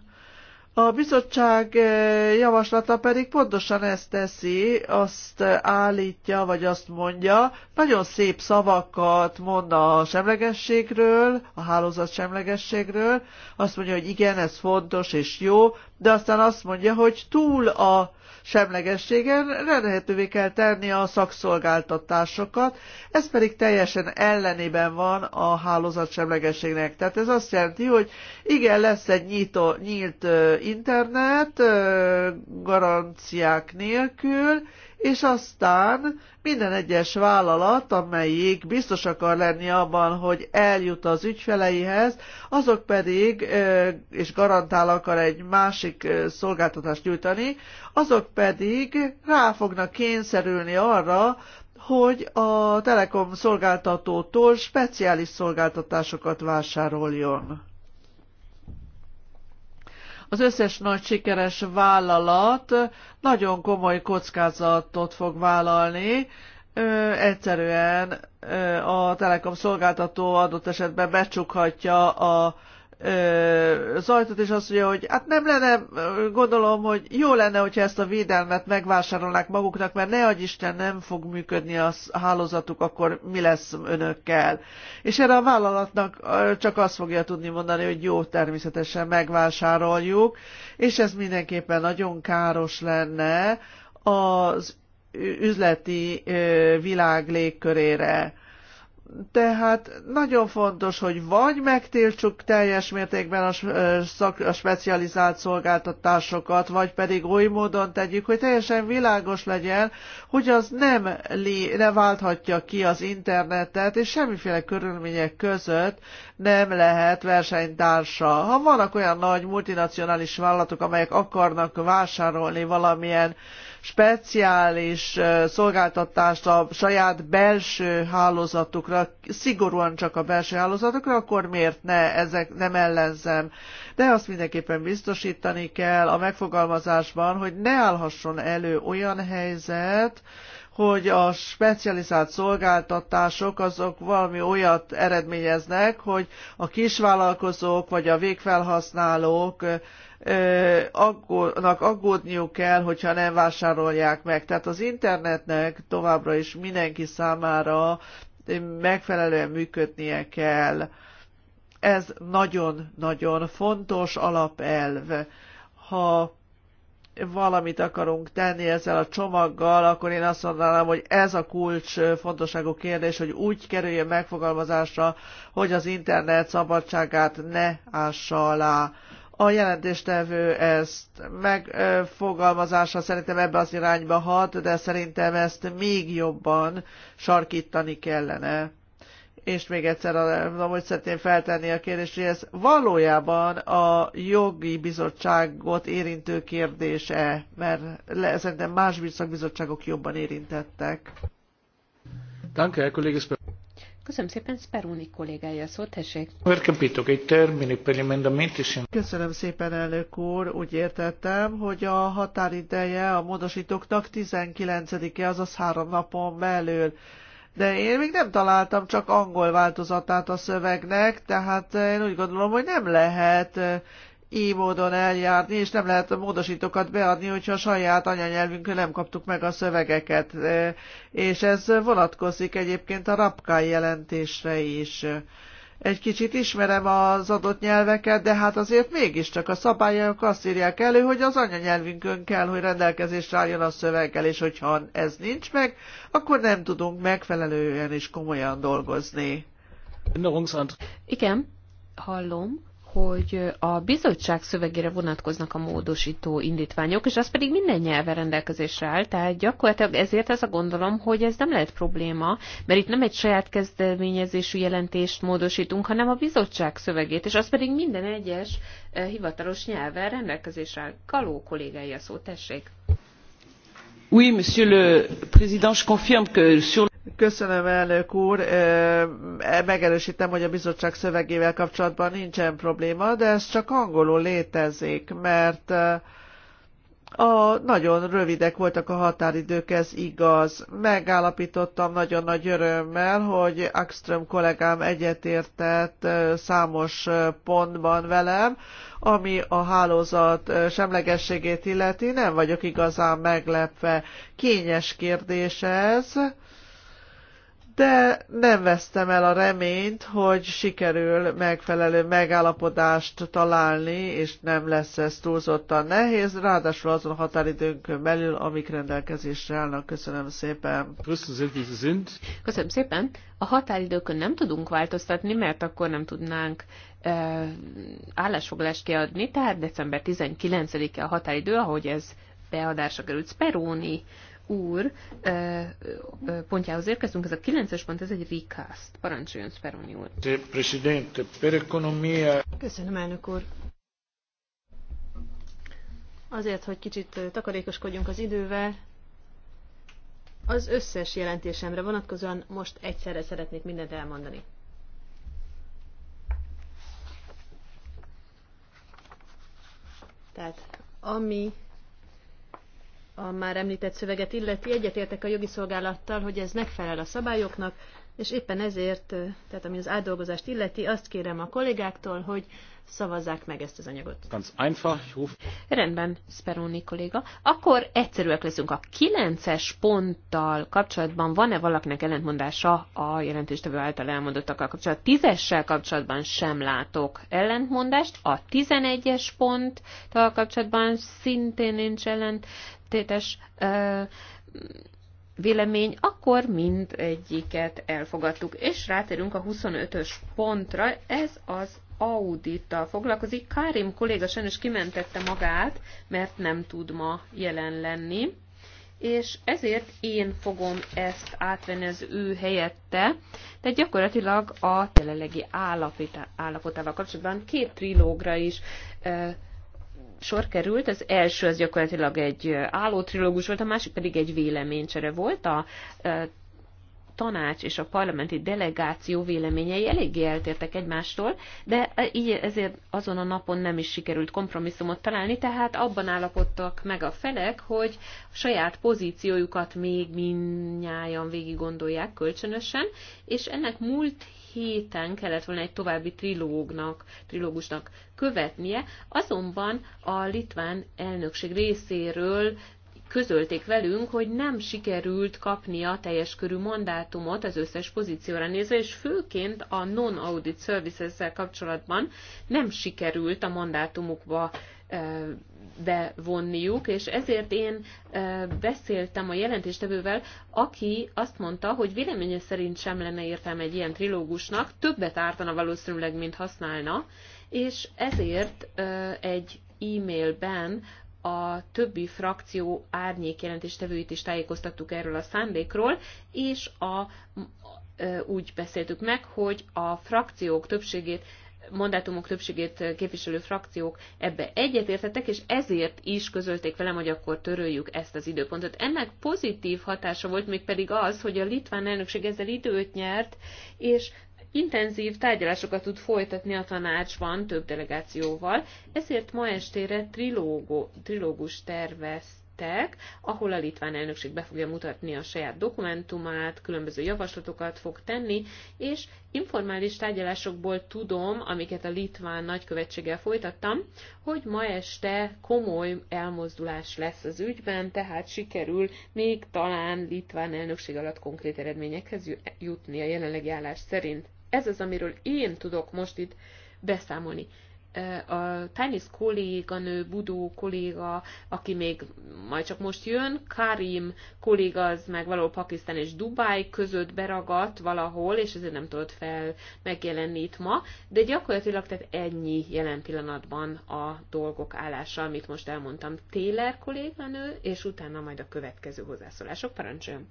a bizottság eh, javaslata pedig pontosan ezt teszi, azt állítja, vagy azt mondja, nagyon szép szavakat mond a semlegességről, a hálózat semlegességről, azt mondja, hogy igen, ez fontos és jó, de aztán azt mondja, hogy túl a semlegességen lehetővé kell tenni a szakszolgáltatásokat, ez pedig teljesen ellenében van a hálózat semlegességnek. Tehát ez azt jelenti, hogy igen, lesz egy nyíto, nyílt internet garanciák nélkül, és aztán minden egyes vállalat, amelyik biztos akar lenni abban, hogy eljut az ügyfeleihez, azok pedig, és garantál akar egy másik szolgáltatást nyújtani, azok pedig rá fognak kényszerülni arra, hogy a telekom szolgáltatótól speciális szolgáltatásokat vásároljon az összes nagy sikeres vállalat nagyon komoly kockázatot fog vállalni, ö, egyszerűen ö, a telekom szolgáltató adott esetben becsukhatja a az ajtót, és azt mondja, hogy hát nem lenne, gondolom, hogy jó lenne, hogyha ezt a védelmet megvásárolnák maguknak, mert ne Isten nem fog működni a hálózatuk, akkor mi lesz önökkel. És erre a vállalatnak csak azt fogja tudni mondani, hogy jó, természetesen megvásároljuk, és ez mindenképpen nagyon káros lenne az üzleti világ légkörére tehát nagyon fontos, hogy vagy megtiltsuk teljes mértékben a, szak, a specializált szolgáltatásokat, vagy pedig oly módon tegyük, hogy teljesen világos legyen, hogy az nem, li, ne válthatja ki az internetet, és semmiféle körülmények között nem lehet versenytársa. Ha vannak olyan nagy multinacionális vállalatok, amelyek akarnak vásárolni valamilyen speciális szolgáltatást a saját belső hálózatukra, szigorúan csak a belső hálózatokra, akkor miért ne, ezek nem ellenzem. De azt mindenképpen biztosítani kell a megfogalmazásban, hogy ne állhasson elő olyan helyzet, hogy a specializált szolgáltatások azok valami olyat eredményeznek, hogy a kisvállalkozók vagy a végfelhasználók aggódnak aggódniuk kell, hogyha nem vásárolják meg. Tehát az internetnek továbbra is mindenki számára megfelelően működnie kell. Ez nagyon-nagyon fontos alapelv. Ha valamit akarunk tenni ezzel a csomaggal, akkor én azt mondanám, hogy ez a kulcs fontosságú kérdés, hogy úgy kerüljön megfogalmazásra, hogy az internet szabadságát ne ássa alá a jelentéstevő ezt megfogalmazása szerintem ebbe az irányba hat, de szerintem ezt még jobban sarkítani kellene. És még egyszer, amúgy szeretném feltenni a kérdést, hogy ez valójában a jogi bizottságot érintő kérdése, mert le, szerintem más bizottságok jobban érintettek. Danke, Herr Kollege Köszönöm szépen, Speroni kollégája szó, tessék. Köszönöm szépen, elnök úr. Úgy értettem, hogy a határideje a módosítóknak 19-e, azaz három napon belül. De én még nem találtam csak angol változatát a szövegnek, tehát én úgy gondolom, hogy nem lehet így módon eljárni, és nem lehet a módosítókat beadni, hogyha a saját anyanyelvünkön nem kaptuk meg a szövegeket. E, és ez vonatkozik egyébként a rapkai jelentésre is. Egy kicsit ismerem az adott nyelveket, de hát azért mégiscsak a szabályok azt írják elő, hogy az anyanyelvünkön kell, hogy rendelkezésre álljon a szöveggel, és hogyha ez nincs meg, akkor nem tudunk megfelelően és komolyan dolgozni. Igen, hallom hogy a bizottság szövegére vonatkoznak a módosító indítványok, és az pedig minden nyelven rendelkezésre áll, tehát gyakorlatilag ezért ez a gondolom, hogy ez nem lehet probléma, mert itt nem egy saját kezdeményezésű jelentést módosítunk, hanem a bizottság szövegét, és az pedig minden egyes eh, hivatalos nyelven rendelkezésre áll. Kaló kollégája szó, tessék! Oui, monsieur le président, je confirme que sur Köszönöm, elnök úr. E, megerősítem, hogy a bizottság szövegével kapcsolatban nincsen probléma, de ez csak angolul létezik, mert a, nagyon rövidek voltak a határidők, ez igaz. Megállapítottam nagyon nagy örömmel, hogy Axström kollégám egyetértett számos pontban velem, ami a hálózat semlegességét illeti, nem vagyok igazán meglepve. Kényes kérdés ez de nem vesztem el a reményt, hogy sikerül megfelelő megállapodást találni, és nem lesz ez túlzottan nehéz, ráadásul azon határidőnkön belül, amik rendelkezésre állnak. Köszönöm szépen. Köszönöm szépen. A határidőkön nem tudunk változtatni, mert akkor nem tudnánk e, állásfoglalást kiadni, tehát december 19-e a határidő, ahogy ez beadásra került Speróni úr pontjához érkeztünk, ez a 9-es pont, ez egy recast. Parancsoljon, Speroni úr. Köszönöm, elnök úr. Azért, hogy kicsit takarékoskodjunk az idővel, az összes jelentésemre vonatkozóan most egyszerre szeretnék mindent elmondani. Tehát ami a már említett szöveget illeti, egyetértek a jogi szolgálattal, hogy ez megfelel a szabályoknak, és éppen ezért, tehát ami az átdolgozást illeti, azt kérem a kollégáktól, hogy szavazzák meg ezt az anyagot. Ganz einfach, ruf. Rendben, Speroni kolléga. Akkor egyszerűek leszünk. A kilences ponttal kapcsolatban van-e valakinek ellentmondása a jelentéstevő által elmondottakkal kapcsolatban? A tízessel kapcsolatban sem látok ellentmondást. A tizenegyes ponttal kapcsolatban szintén nincs ellentétes ö, vélemény, akkor mindegyiket elfogadtuk. És ráterünk a 25-ös pontra, ez az audittal foglalkozik. Karim kolléga sajnos kimentette magát, mert nem tud ma jelen lenni, és ezért én fogom ezt átvenni az ő helyette. Tehát gyakorlatilag a telelegi állapotával kapcsolatban két trilógra is e, sor került. Az első az gyakorlatilag egy álló trilógus volt, a másik pedig egy véleménycsere volt. A e, tanács és a parlamenti delegáció véleményei eléggé eltértek egymástól, de így ezért azon a napon nem is sikerült kompromisszumot találni, tehát abban állapodtak meg a felek, hogy a saját pozíciójukat még minnyáján végig gondolják kölcsönösen, és ennek múlt héten kellett volna egy további trilógnak, trilógusnak követnie, azonban a litván elnökség részéről közölték velünk, hogy nem sikerült kapnia teljes körű mandátumot az összes pozícióra nézve, és főként a non-audit services kapcsolatban nem sikerült a mandátumukba bevonniuk, és ezért én beszéltem a jelentéstevővel, aki azt mondta, hogy véleménye szerint sem lenne értelme egy ilyen trilógusnak, többet ártana valószínűleg, mint használna, és ezért egy e-mailben a többi frakció árnyék jelentéstevőit is tájékoztattuk erről a szándékról, és a, úgy beszéltük meg, hogy a frakciók többségét mandátumok többségét képviselő frakciók ebbe egyetértettek, és ezért is közölték velem, hogy akkor töröljük ezt az időpontot. Ennek pozitív hatása volt még pedig az, hogy a litván elnökség ezzel időt nyert, és intenzív tárgyalásokat tud folytatni a tanácsban több delegációval, ezért ma estére trilógo, trilógus terveztek, ahol a litván elnökség be fogja mutatni a saját dokumentumát, különböző javaslatokat fog tenni, és informális tárgyalásokból tudom, amiket a litván nagykövetséggel folytattam, hogy ma este komoly elmozdulás lesz az ügyben, tehát sikerül még talán litván elnökség alatt konkrét eredményekhez jutni a jelenlegi állás szerint ez az, amiről én tudok most itt beszámolni. A Tanis kolléganő, Budó kolléga, aki még majd csak most jön, Karim kolléga, az meg való Pakisztán és Dubáj között beragadt valahol, és ezért nem tudott fel megjelenni itt ma, de gyakorlatilag tehát ennyi jelen pillanatban a dolgok állása, amit most elmondtam. Téler kolléganő, és utána majd a következő hozzászólások. Parancsoljon!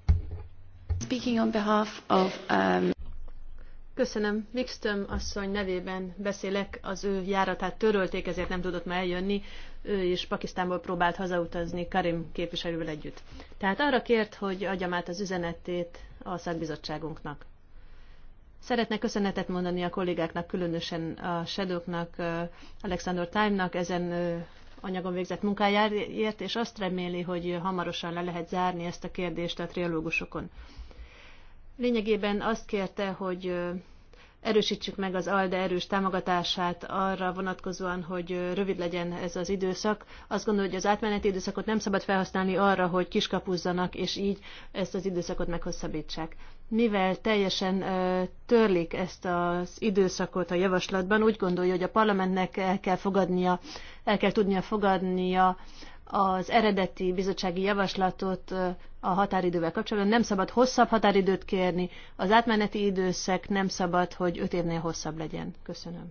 Speaking on behalf of um... Köszönöm. Wikström asszony nevében beszélek, az ő járatát törölték, ezért nem tudott már eljönni. Ő is Pakisztánból próbált hazautazni Karim képviselővel együtt. Tehát arra kért, hogy adjam át az üzenetét a szakbizottságunknak. Szeretnék köszönetet mondani a kollégáknak, különösen a Shadowknak, Alexander Time-nak ezen anyagon végzett munkájáért, és azt reméli, hogy hamarosan le lehet zárni ezt a kérdést a triológusokon. Lényegében azt kérte, hogy erősítsük meg az ALDE erős támogatását arra vonatkozóan, hogy rövid legyen ez az időszak. Azt gondolom, hogy az átmeneti időszakot nem szabad felhasználni arra, hogy kiskapuzzanak, és így ezt az időszakot meghosszabbítsák. Mivel teljesen törlik ezt az időszakot a javaslatban, úgy gondolja, hogy a parlamentnek el kell fogadnia, el kell tudnia fogadnia az eredeti bizottsági javaslatot a határidővel kapcsolatban. Nem szabad hosszabb határidőt kérni, az átmeneti időszak nem szabad, hogy öt évnél hosszabb legyen. Köszönöm.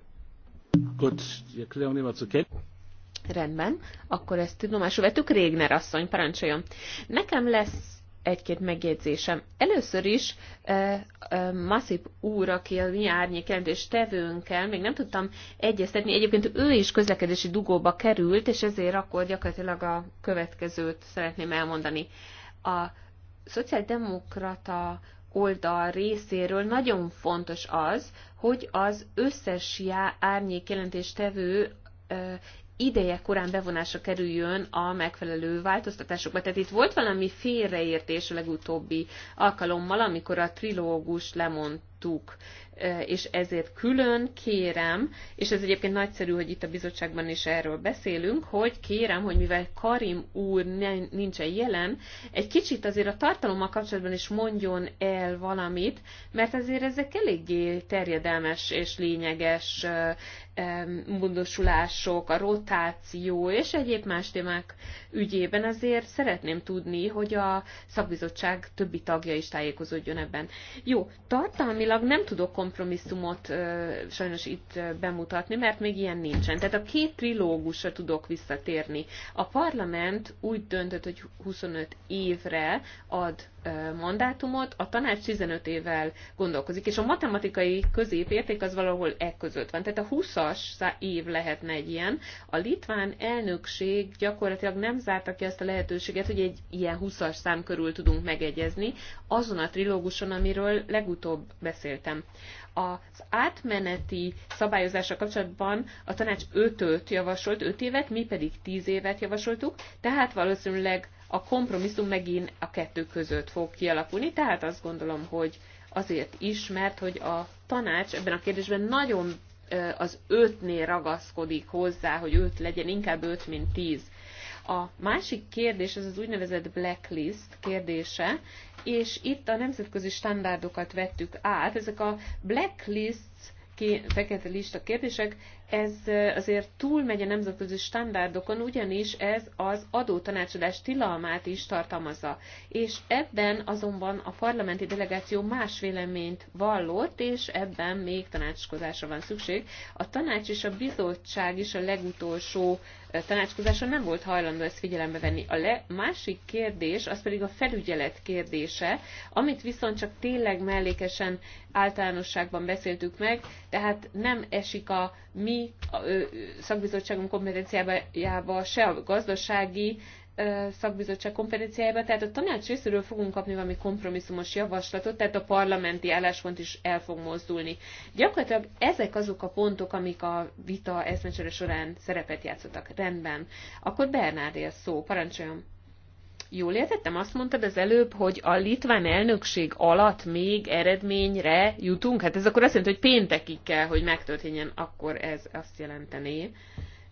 Rendben, akkor ezt tudomásul vettük. Régner asszony, parancsoljon. Nekem lesz egy-két megjegyzésem. Először is e, eh, e, eh, Masip úr, aki a mi árnyék jelentős tevőnkkel, még nem tudtam egyeztetni, egyébként ő is közlekedési dugóba került, és ezért akkor gyakorlatilag a következőt szeretném elmondani. A szociáldemokrata oldal részéről nagyon fontos az, hogy az összes já, árnyék jelentéstevő eh, ideje korán bevonásra kerüljön a megfelelő változtatásokba. Tehát itt volt valami félreértés a legutóbbi alkalommal, amikor a trilógus lemond láttuk, és ezért külön kérem, és ez egyébként nagyszerű, hogy itt a bizottságban is erről beszélünk, hogy kérem, hogy mivel Karim úr nincsen jelen, egy kicsit azért a tartalommal kapcsolatban is mondjon el valamit, mert azért ezek eléggé terjedelmes és lényeges módosulások, a rotáció és egyéb más témák ügyében azért szeretném tudni, hogy a szakbizottság többi tagja is tájékozódjon ebben. Jó, tartalmi politikailag nem tudok kompromisszumot sajnos itt bemutatni, mert még ilyen nincsen. Tehát a két trilógusra tudok visszatérni. A parlament úgy döntött, hogy 25 évre ad mandátumot, a tanács 15 évvel gondolkozik, és a matematikai középérték az valahol e között van. Tehát a 20-as év lehetne egy ilyen. A litván elnökség gyakorlatilag nem zárta ki azt a lehetőséget, hogy egy ilyen 20-as szám körül tudunk megegyezni azon a trilóguson, amiről legutóbb beszéltünk beszéltem. Az átmeneti szabályozása kapcsolatban a tanács 5-öt javasolt, 5 évet, mi pedig 10 évet javasoltuk, tehát valószínűleg a kompromisszum megint a kettő között fog kialakulni, tehát azt gondolom, hogy azért is, mert hogy a tanács ebben a kérdésben nagyon az ötnél ragaszkodik hozzá, hogy öt legyen, inkább öt, mint tíz. A másik kérdés az az úgynevezett blacklist kérdése, és itt a nemzetközi standardokat vettük át. Ezek a blacklist fekete lista kérdések ez azért túlmegy a nemzetközi standardokon, ugyanis ez az adótanácsadás tilalmát is tartalmazza. És ebben azonban a parlamenti delegáció más véleményt vallott, és ebben még tanácskozásra van szükség. A tanács és a bizottság is a legutolsó tanácskozáson nem volt hajlandó ezt figyelembe venni. A le- másik kérdés, az pedig a felügyelet kérdése, amit viszont csak tényleg mellékesen általánosságban beszéltük meg, tehát nem esik a mi a szakbizottságunk kompetenciájába, se a gazdasági szakbizottság konferenciájába, tehát a tanács részéről fogunk kapni valami kompromisszumos javaslatot, tehát a parlamenti álláspont is el fog mozdulni. Gyakorlatilag ezek azok a pontok, amik a vita eszmecsere során szerepet játszottak. Rendben. Akkor Bernárdél szó, parancsoljon. Jól értettem, azt mondtad az előbb, hogy a litván elnökség alatt még eredményre jutunk? Hát ez akkor azt jelenti, hogy péntekig kell, hogy megtörténjen, akkor ez azt jelenteni.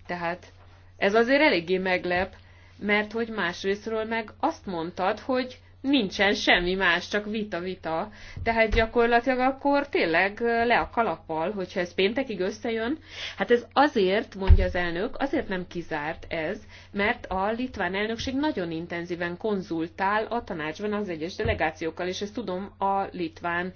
Tehát ez azért eléggé meglep, mert hogy másrésztről meg azt mondtad, hogy nincsen semmi más, csak vita-vita. Tehát gyakorlatilag akkor tényleg le a kalappal, hogyha ez péntekig összejön. Hát ez azért, mondja az elnök, azért nem kizárt ez, mert a litván elnökség nagyon intenzíven konzultál a tanácsban az egyes delegációkkal, és ezt tudom a litván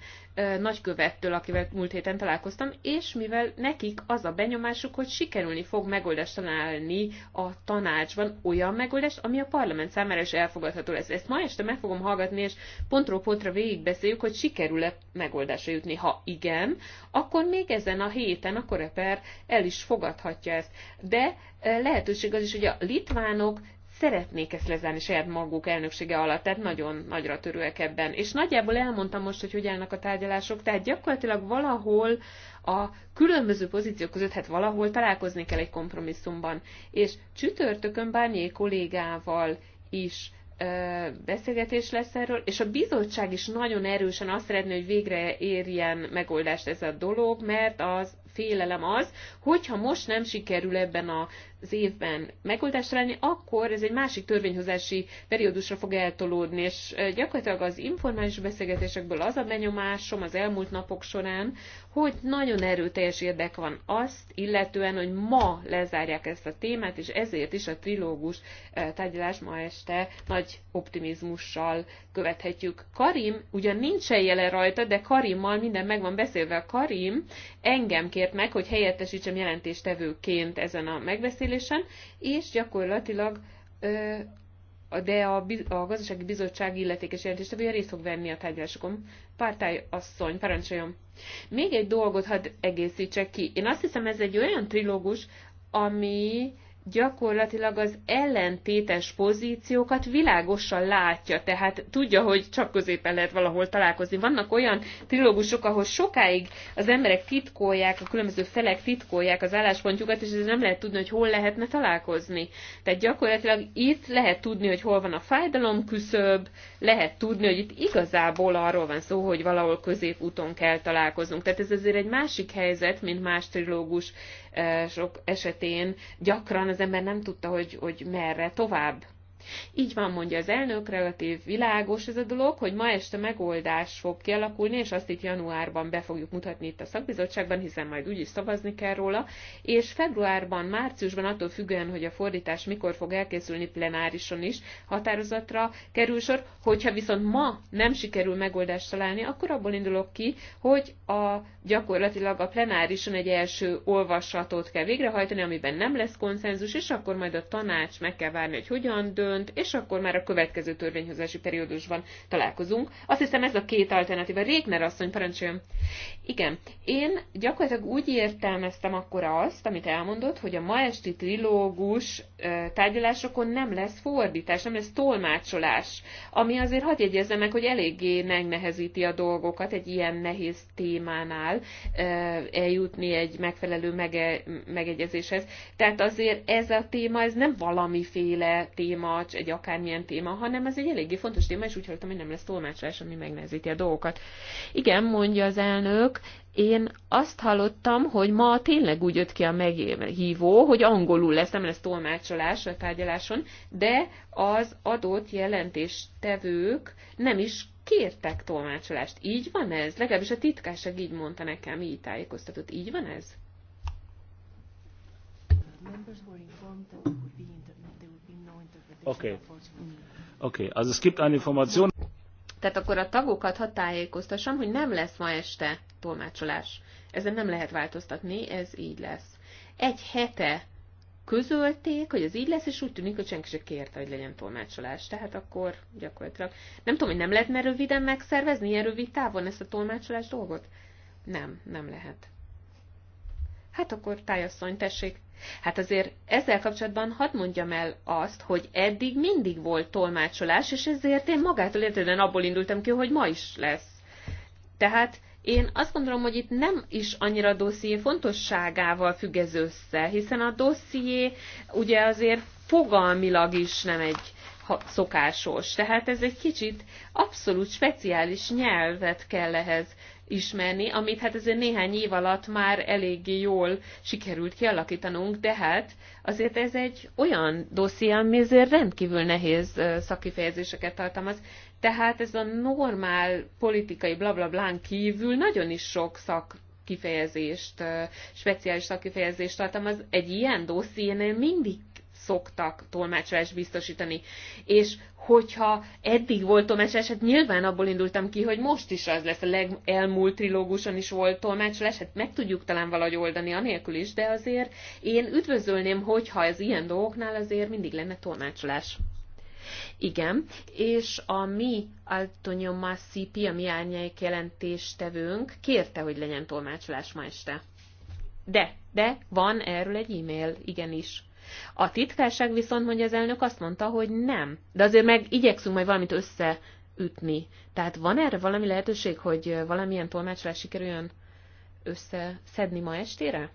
nagykövettől, akivel múlt héten találkoztam, és mivel nekik az a benyomásuk, hogy sikerülni fog megoldást találni a tanácsban olyan megoldást, ami a parlament számára is elfogadható lesz. Ezt ma este meg fogom hallgatni, és pontról pontra végigbeszéljük, hogy sikerül-e megoldásra jutni. Ha igen, akkor még ezen a héten a koreper el is fogadhatja ezt. De lehetőség az is, hogy a litvánok szeretnék ezt lezárni saját maguk elnöksége alatt, tehát nagyon nagyra törőek ebben. És nagyjából elmondtam most, hogy hogy állnak a tárgyalások, tehát gyakorlatilag valahol a különböző pozíciók között, hát valahol találkozni kell egy kompromisszumban. És csütörtökön bármilyen kollégával is beszélgetés lesz erről, és a bizottság is nagyon erősen azt szeretné, hogy végre érjen megoldást ez a dolog, mert az félelem az, hogyha most nem sikerül ebben a az évben megoldást találni, akkor ez egy másik törvényhozási periódusra fog eltolódni, és gyakorlatilag az informális beszélgetésekből az a benyomásom az elmúlt napok során, hogy nagyon erőteljes érdek van azt, illetően, hogy ma lezárják ezt a témát, és ezért is a trilógus tárgyalás ma este nagy optimizmussal követhetjük. Karim ugyan nincsen jelen rajta, de Karimmal minden meg van beszélve. Karim engem kért meg, hogy helyettesítsem jelentéstevőként ezen a megbeszélésen, ülésen, és gyakorlatilag de a, a gazdasági bizottság illetékes jelentéstevője részt fog venni a tárgyalásokon. Pártály asszony, parancsoljon. Még egy dolgot hadd egészítsek ki. Én azt hiszem, ez egy olyan trilógus, ami gyakorlatilag az ellentétes pozíciókat világosan látja, tehát tudja, hogy csak középen lehet valahol találkozni. Vannak olyan trilógusok, ahol sokáig az emberek titkolják, a különböző felek titkolják az álláspontjukat, és ez nem lehet tudni, hogy hol lehetne találkozni. Tehát gyakorlatilag itt lehet tudni, hogy hol van a fájdalom küszöb, lehet tudni, hogy itt igazából arról van szó, hogy valahol középúton kell találkoznunk. Tehát ez azért egy másik helyzet, mint más trilógus Eh, sok esetén gyakran az ember nem tudta, hogy, hogy merre tovább így van, mondja az elnök, relatív világos ez a dolog, hogy ma este megoldás fog kialakulni, és azt itt januárban be fogjuk mutatni itt a szakbizottságban, hiszen majd úgyis szavazni kell róla, és februárban, márciusban attól függően, hogy a fordítás mikor fog elkészülni plenárison is határozatra kerül sor, hogyha viszont ma nem sikerül megoldást találni, akkor abból indulok ki, hogy a gyakorlatilag a plenárison egy első olvasatot kell végrehajtani, amiben nem lesz konszenzus, és akkor majd a tanács meg kell várni, hogy hogyan dől, dönt, és akkor már a következő törvényhozási periódusban találkozunk. Azt hiszem ez a két alternatíva. Régner asszony, parancsoljon. Igen, én gyakorlatilag úgy értelmeztem akkor azt, amit elmondott, hogy a ma esti trilógus tárgyalásokon nem lesz fordítás, nem lesz tolmácsolás, ami azért hadd jegyezzem meg, hogy eléggé megnehezíti a dolgokat egy ilyen nehéz témánál eljutni egy megfelelő mege, megegyezéshez. Tehát azért ez a téma, ez nem valamiféle téma, tolmács egy akármilyen téma, hanem ez egy eléggé fontos téma, és úgy hallottam, hogy nem lesz tolmácsolás, ami megnehezíti a dolgokat. Igen, mondja az elnök, én azt hallottam, hogy ma tényleg úgy jött ki a meghívó, hogy angolul lesz, nem lesz tolmácsolás a tárgyaláson, de az adott jelentéstevők nem is kértek tolmácsolást. Így van ez? Legalábbis a titkárság így mondta nekem, így tájékoztatott. Így van ez? members were informed that Information. Tehát akkor a tagokat ha tájékoztassam, hogy nem lesz ma este tolmácsolás. Ezen nem lehet változtatni, ez így lesz. Egy hete közölték, hogy ez így lesz, és úgy tűnik, hogy senki se kérte, hogy legyen tolmácsolás. Tehát akkor gyakorlatilag... Nem tudom, hogy nem lehetne röviden megszervezni ilyen rövid távon ezt a tolmácsolás dolgot? Nem, nem lehet. Hát akkor tájasszony, tessék. Hát azért ezzel kapcsolatban hadd mondjam el azt, hogy eddig mindig volt tolmácsolás, és ezért én magától értődően abból indultam ki, hogy ma is lesz. Tehát én azt gondolom, hogy itt nem is annyira a dosszié fontosságával függ ez össze, hiszen a dosszié ugye azért fogalmilag is nem egy szokásos, tehát ez egy kicsit abszolút speciális nyelvet kell ehhez ismerni, amit hát azért néhány év alatt már eléggé jól sikerült kialakítanunk, de hát azért ez egy olyan dosszi, ami azért rendkívül nehéz szakifejezéseket tartalmaz. Tehát ez a normál politikai blablablán kívül nagyon is sok szak kifejezést, speciális szakifejezést tartalmaz. Egy ilyen dossziénél mindig szoktak tolmácsolást biztosítani. És hogyha eddig volt tolmácsolás, hát nyilván abból indultam ki, hogy most is az lesz. A legelmúlt trilóguson is volt tolmácsolás, hát meg tudjuk talán valahogy oldani anélkül is, de azért én üdvözölném, hogyha ez ilyen dolgoknál azért mindig lenne tolmácsolás. Igen, és a mi Altonio Massipi, a mi árnyék jelentéstevőnk kérte, hogy legyen tolmácsolás ma este. De, de van erről egy e-mail, igenis. A titkárság viszont, mondja az elnök, azt mondta, hogy nem. De azért meg igyekszünk majd valamit összeütni. Tehát van erre valami lehetőség, hogy valamilyen tolmácsra sikerüljön összeszedni ma estére?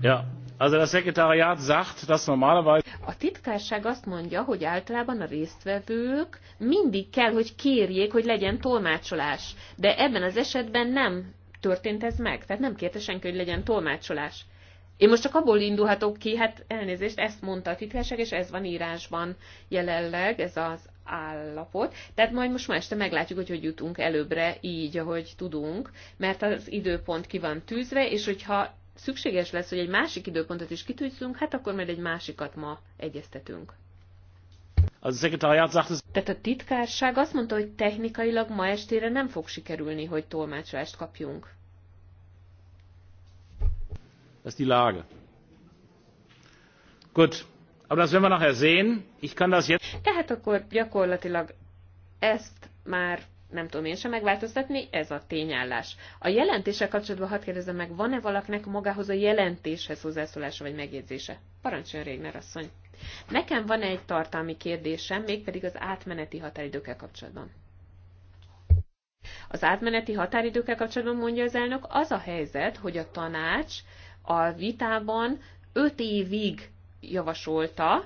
Ja, also das Sekretariat sagt, dass normalerweise a titkárság azt mondja, hogy általában a résztvevők mindig kell, hogy kérjék, hogy legyen tolmácsolás, de ebben az esetben nem történt ez meg, tehát nem kérte senki, hogy legyen tolmácsolás. Én most csak abból indulhatok ki, hát elnézést, ezt mondta a titkárság, és ez van írásban jelenleg, ez az állapot. Tehát majd most ma este meglátjuk, hogy hogy jutunk előbbre így, ahogy tudunk, mert az időpont ki van tűzve, és hogyha szükséges lesz, hogy egy másik időpontot is kitűzzünk, hát akkor majd egy másikat ma egyeztetünk. Tehát a titkárság azt mondta, hogy technikailag ma estére nem fog sikerülni, hogy tolmácsolást kapjunk. Ez ist die Lage. Gut, aber das werden wir nachher sehen. Ich kann das jetzt. Tehát akkor gyakorlatilag ezt már nem tudom én sem megváltoztatni, ez a tényállás. A jelentéssel kapcsolatban hadd kérdezem meg, van-e valakinek magához a jelentéshez hozzászólása vagy megjegyzése? Parancsoljon Régner asszony! Nekem van egy tartalmi kérdésem, mégpedig az átmeneti határidőkkel kapcsolatban. Az átmeneti határidőkkel kapcsolatban mondja az elnök, az a helyzet, hogy a tanács a vitában 5 évig javasolta,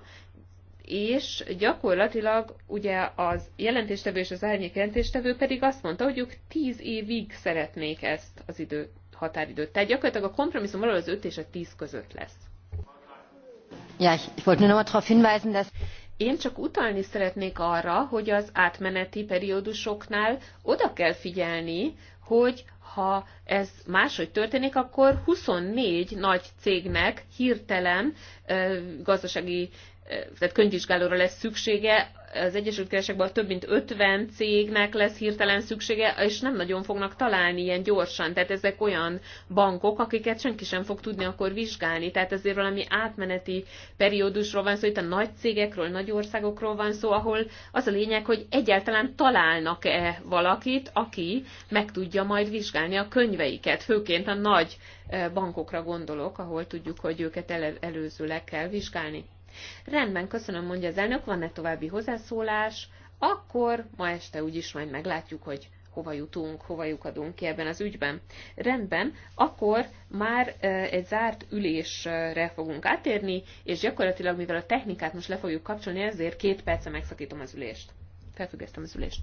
és gyakorlatilag ugye az jelentéstevő és az árnyék jelentéstevő pedig azt mondta, hogy ők tíz évig szeretnék ezt az idő határidőt. Tehát gyakorlatilag a kompromisszum valahol az 5 és a 10 között lesz. Ja, ich wollte nur darauf hinweisen, dass én csak utalni szeretnék arra, hogy az átmeneti periódusoknál oda kell figyelni, hogy ha ez máshogy történik, akkor 24 nagy cégnek hirtelen ö, gazdasági tehát könyvvizsgálóra lesz szüksége, az Egyesült Keresekben több mint 50 cégnek lesz hirtelen szüksége, és nem nagyon fognak találni ilyen gyorsan. Tehát ezek olyan bankok, akiket senki sem fog tudni akkor vizsgálni. Tehát azért valami átmeneti periódusról van szó, itt a nagy cégekről, nagy országokról van szó, ahol az a lényeg, hogy egyáltalán találnak-e valakit, aki meg tudja majd vizsgálni a könyveiket, főként a nagy eh, bankokra gondolok, ahol tudjuk, hogy őket előzőleg kell vizsgálni. Rendben, köszönöm, mondja az elnök, van-e további hozzászólás? Akkor ma este úgyis majd meglátjuk, hogy hova jutunk, hova lyukadunk ki ebben az ügyben. Rendben, akkor már egy zárt ülésre fogunk átérni, és gyakorlatilag, mivel a technikát most le fogjuk kapcsolni, ezért két perce megszakítom az ülést. Felfüggesztem az ülést.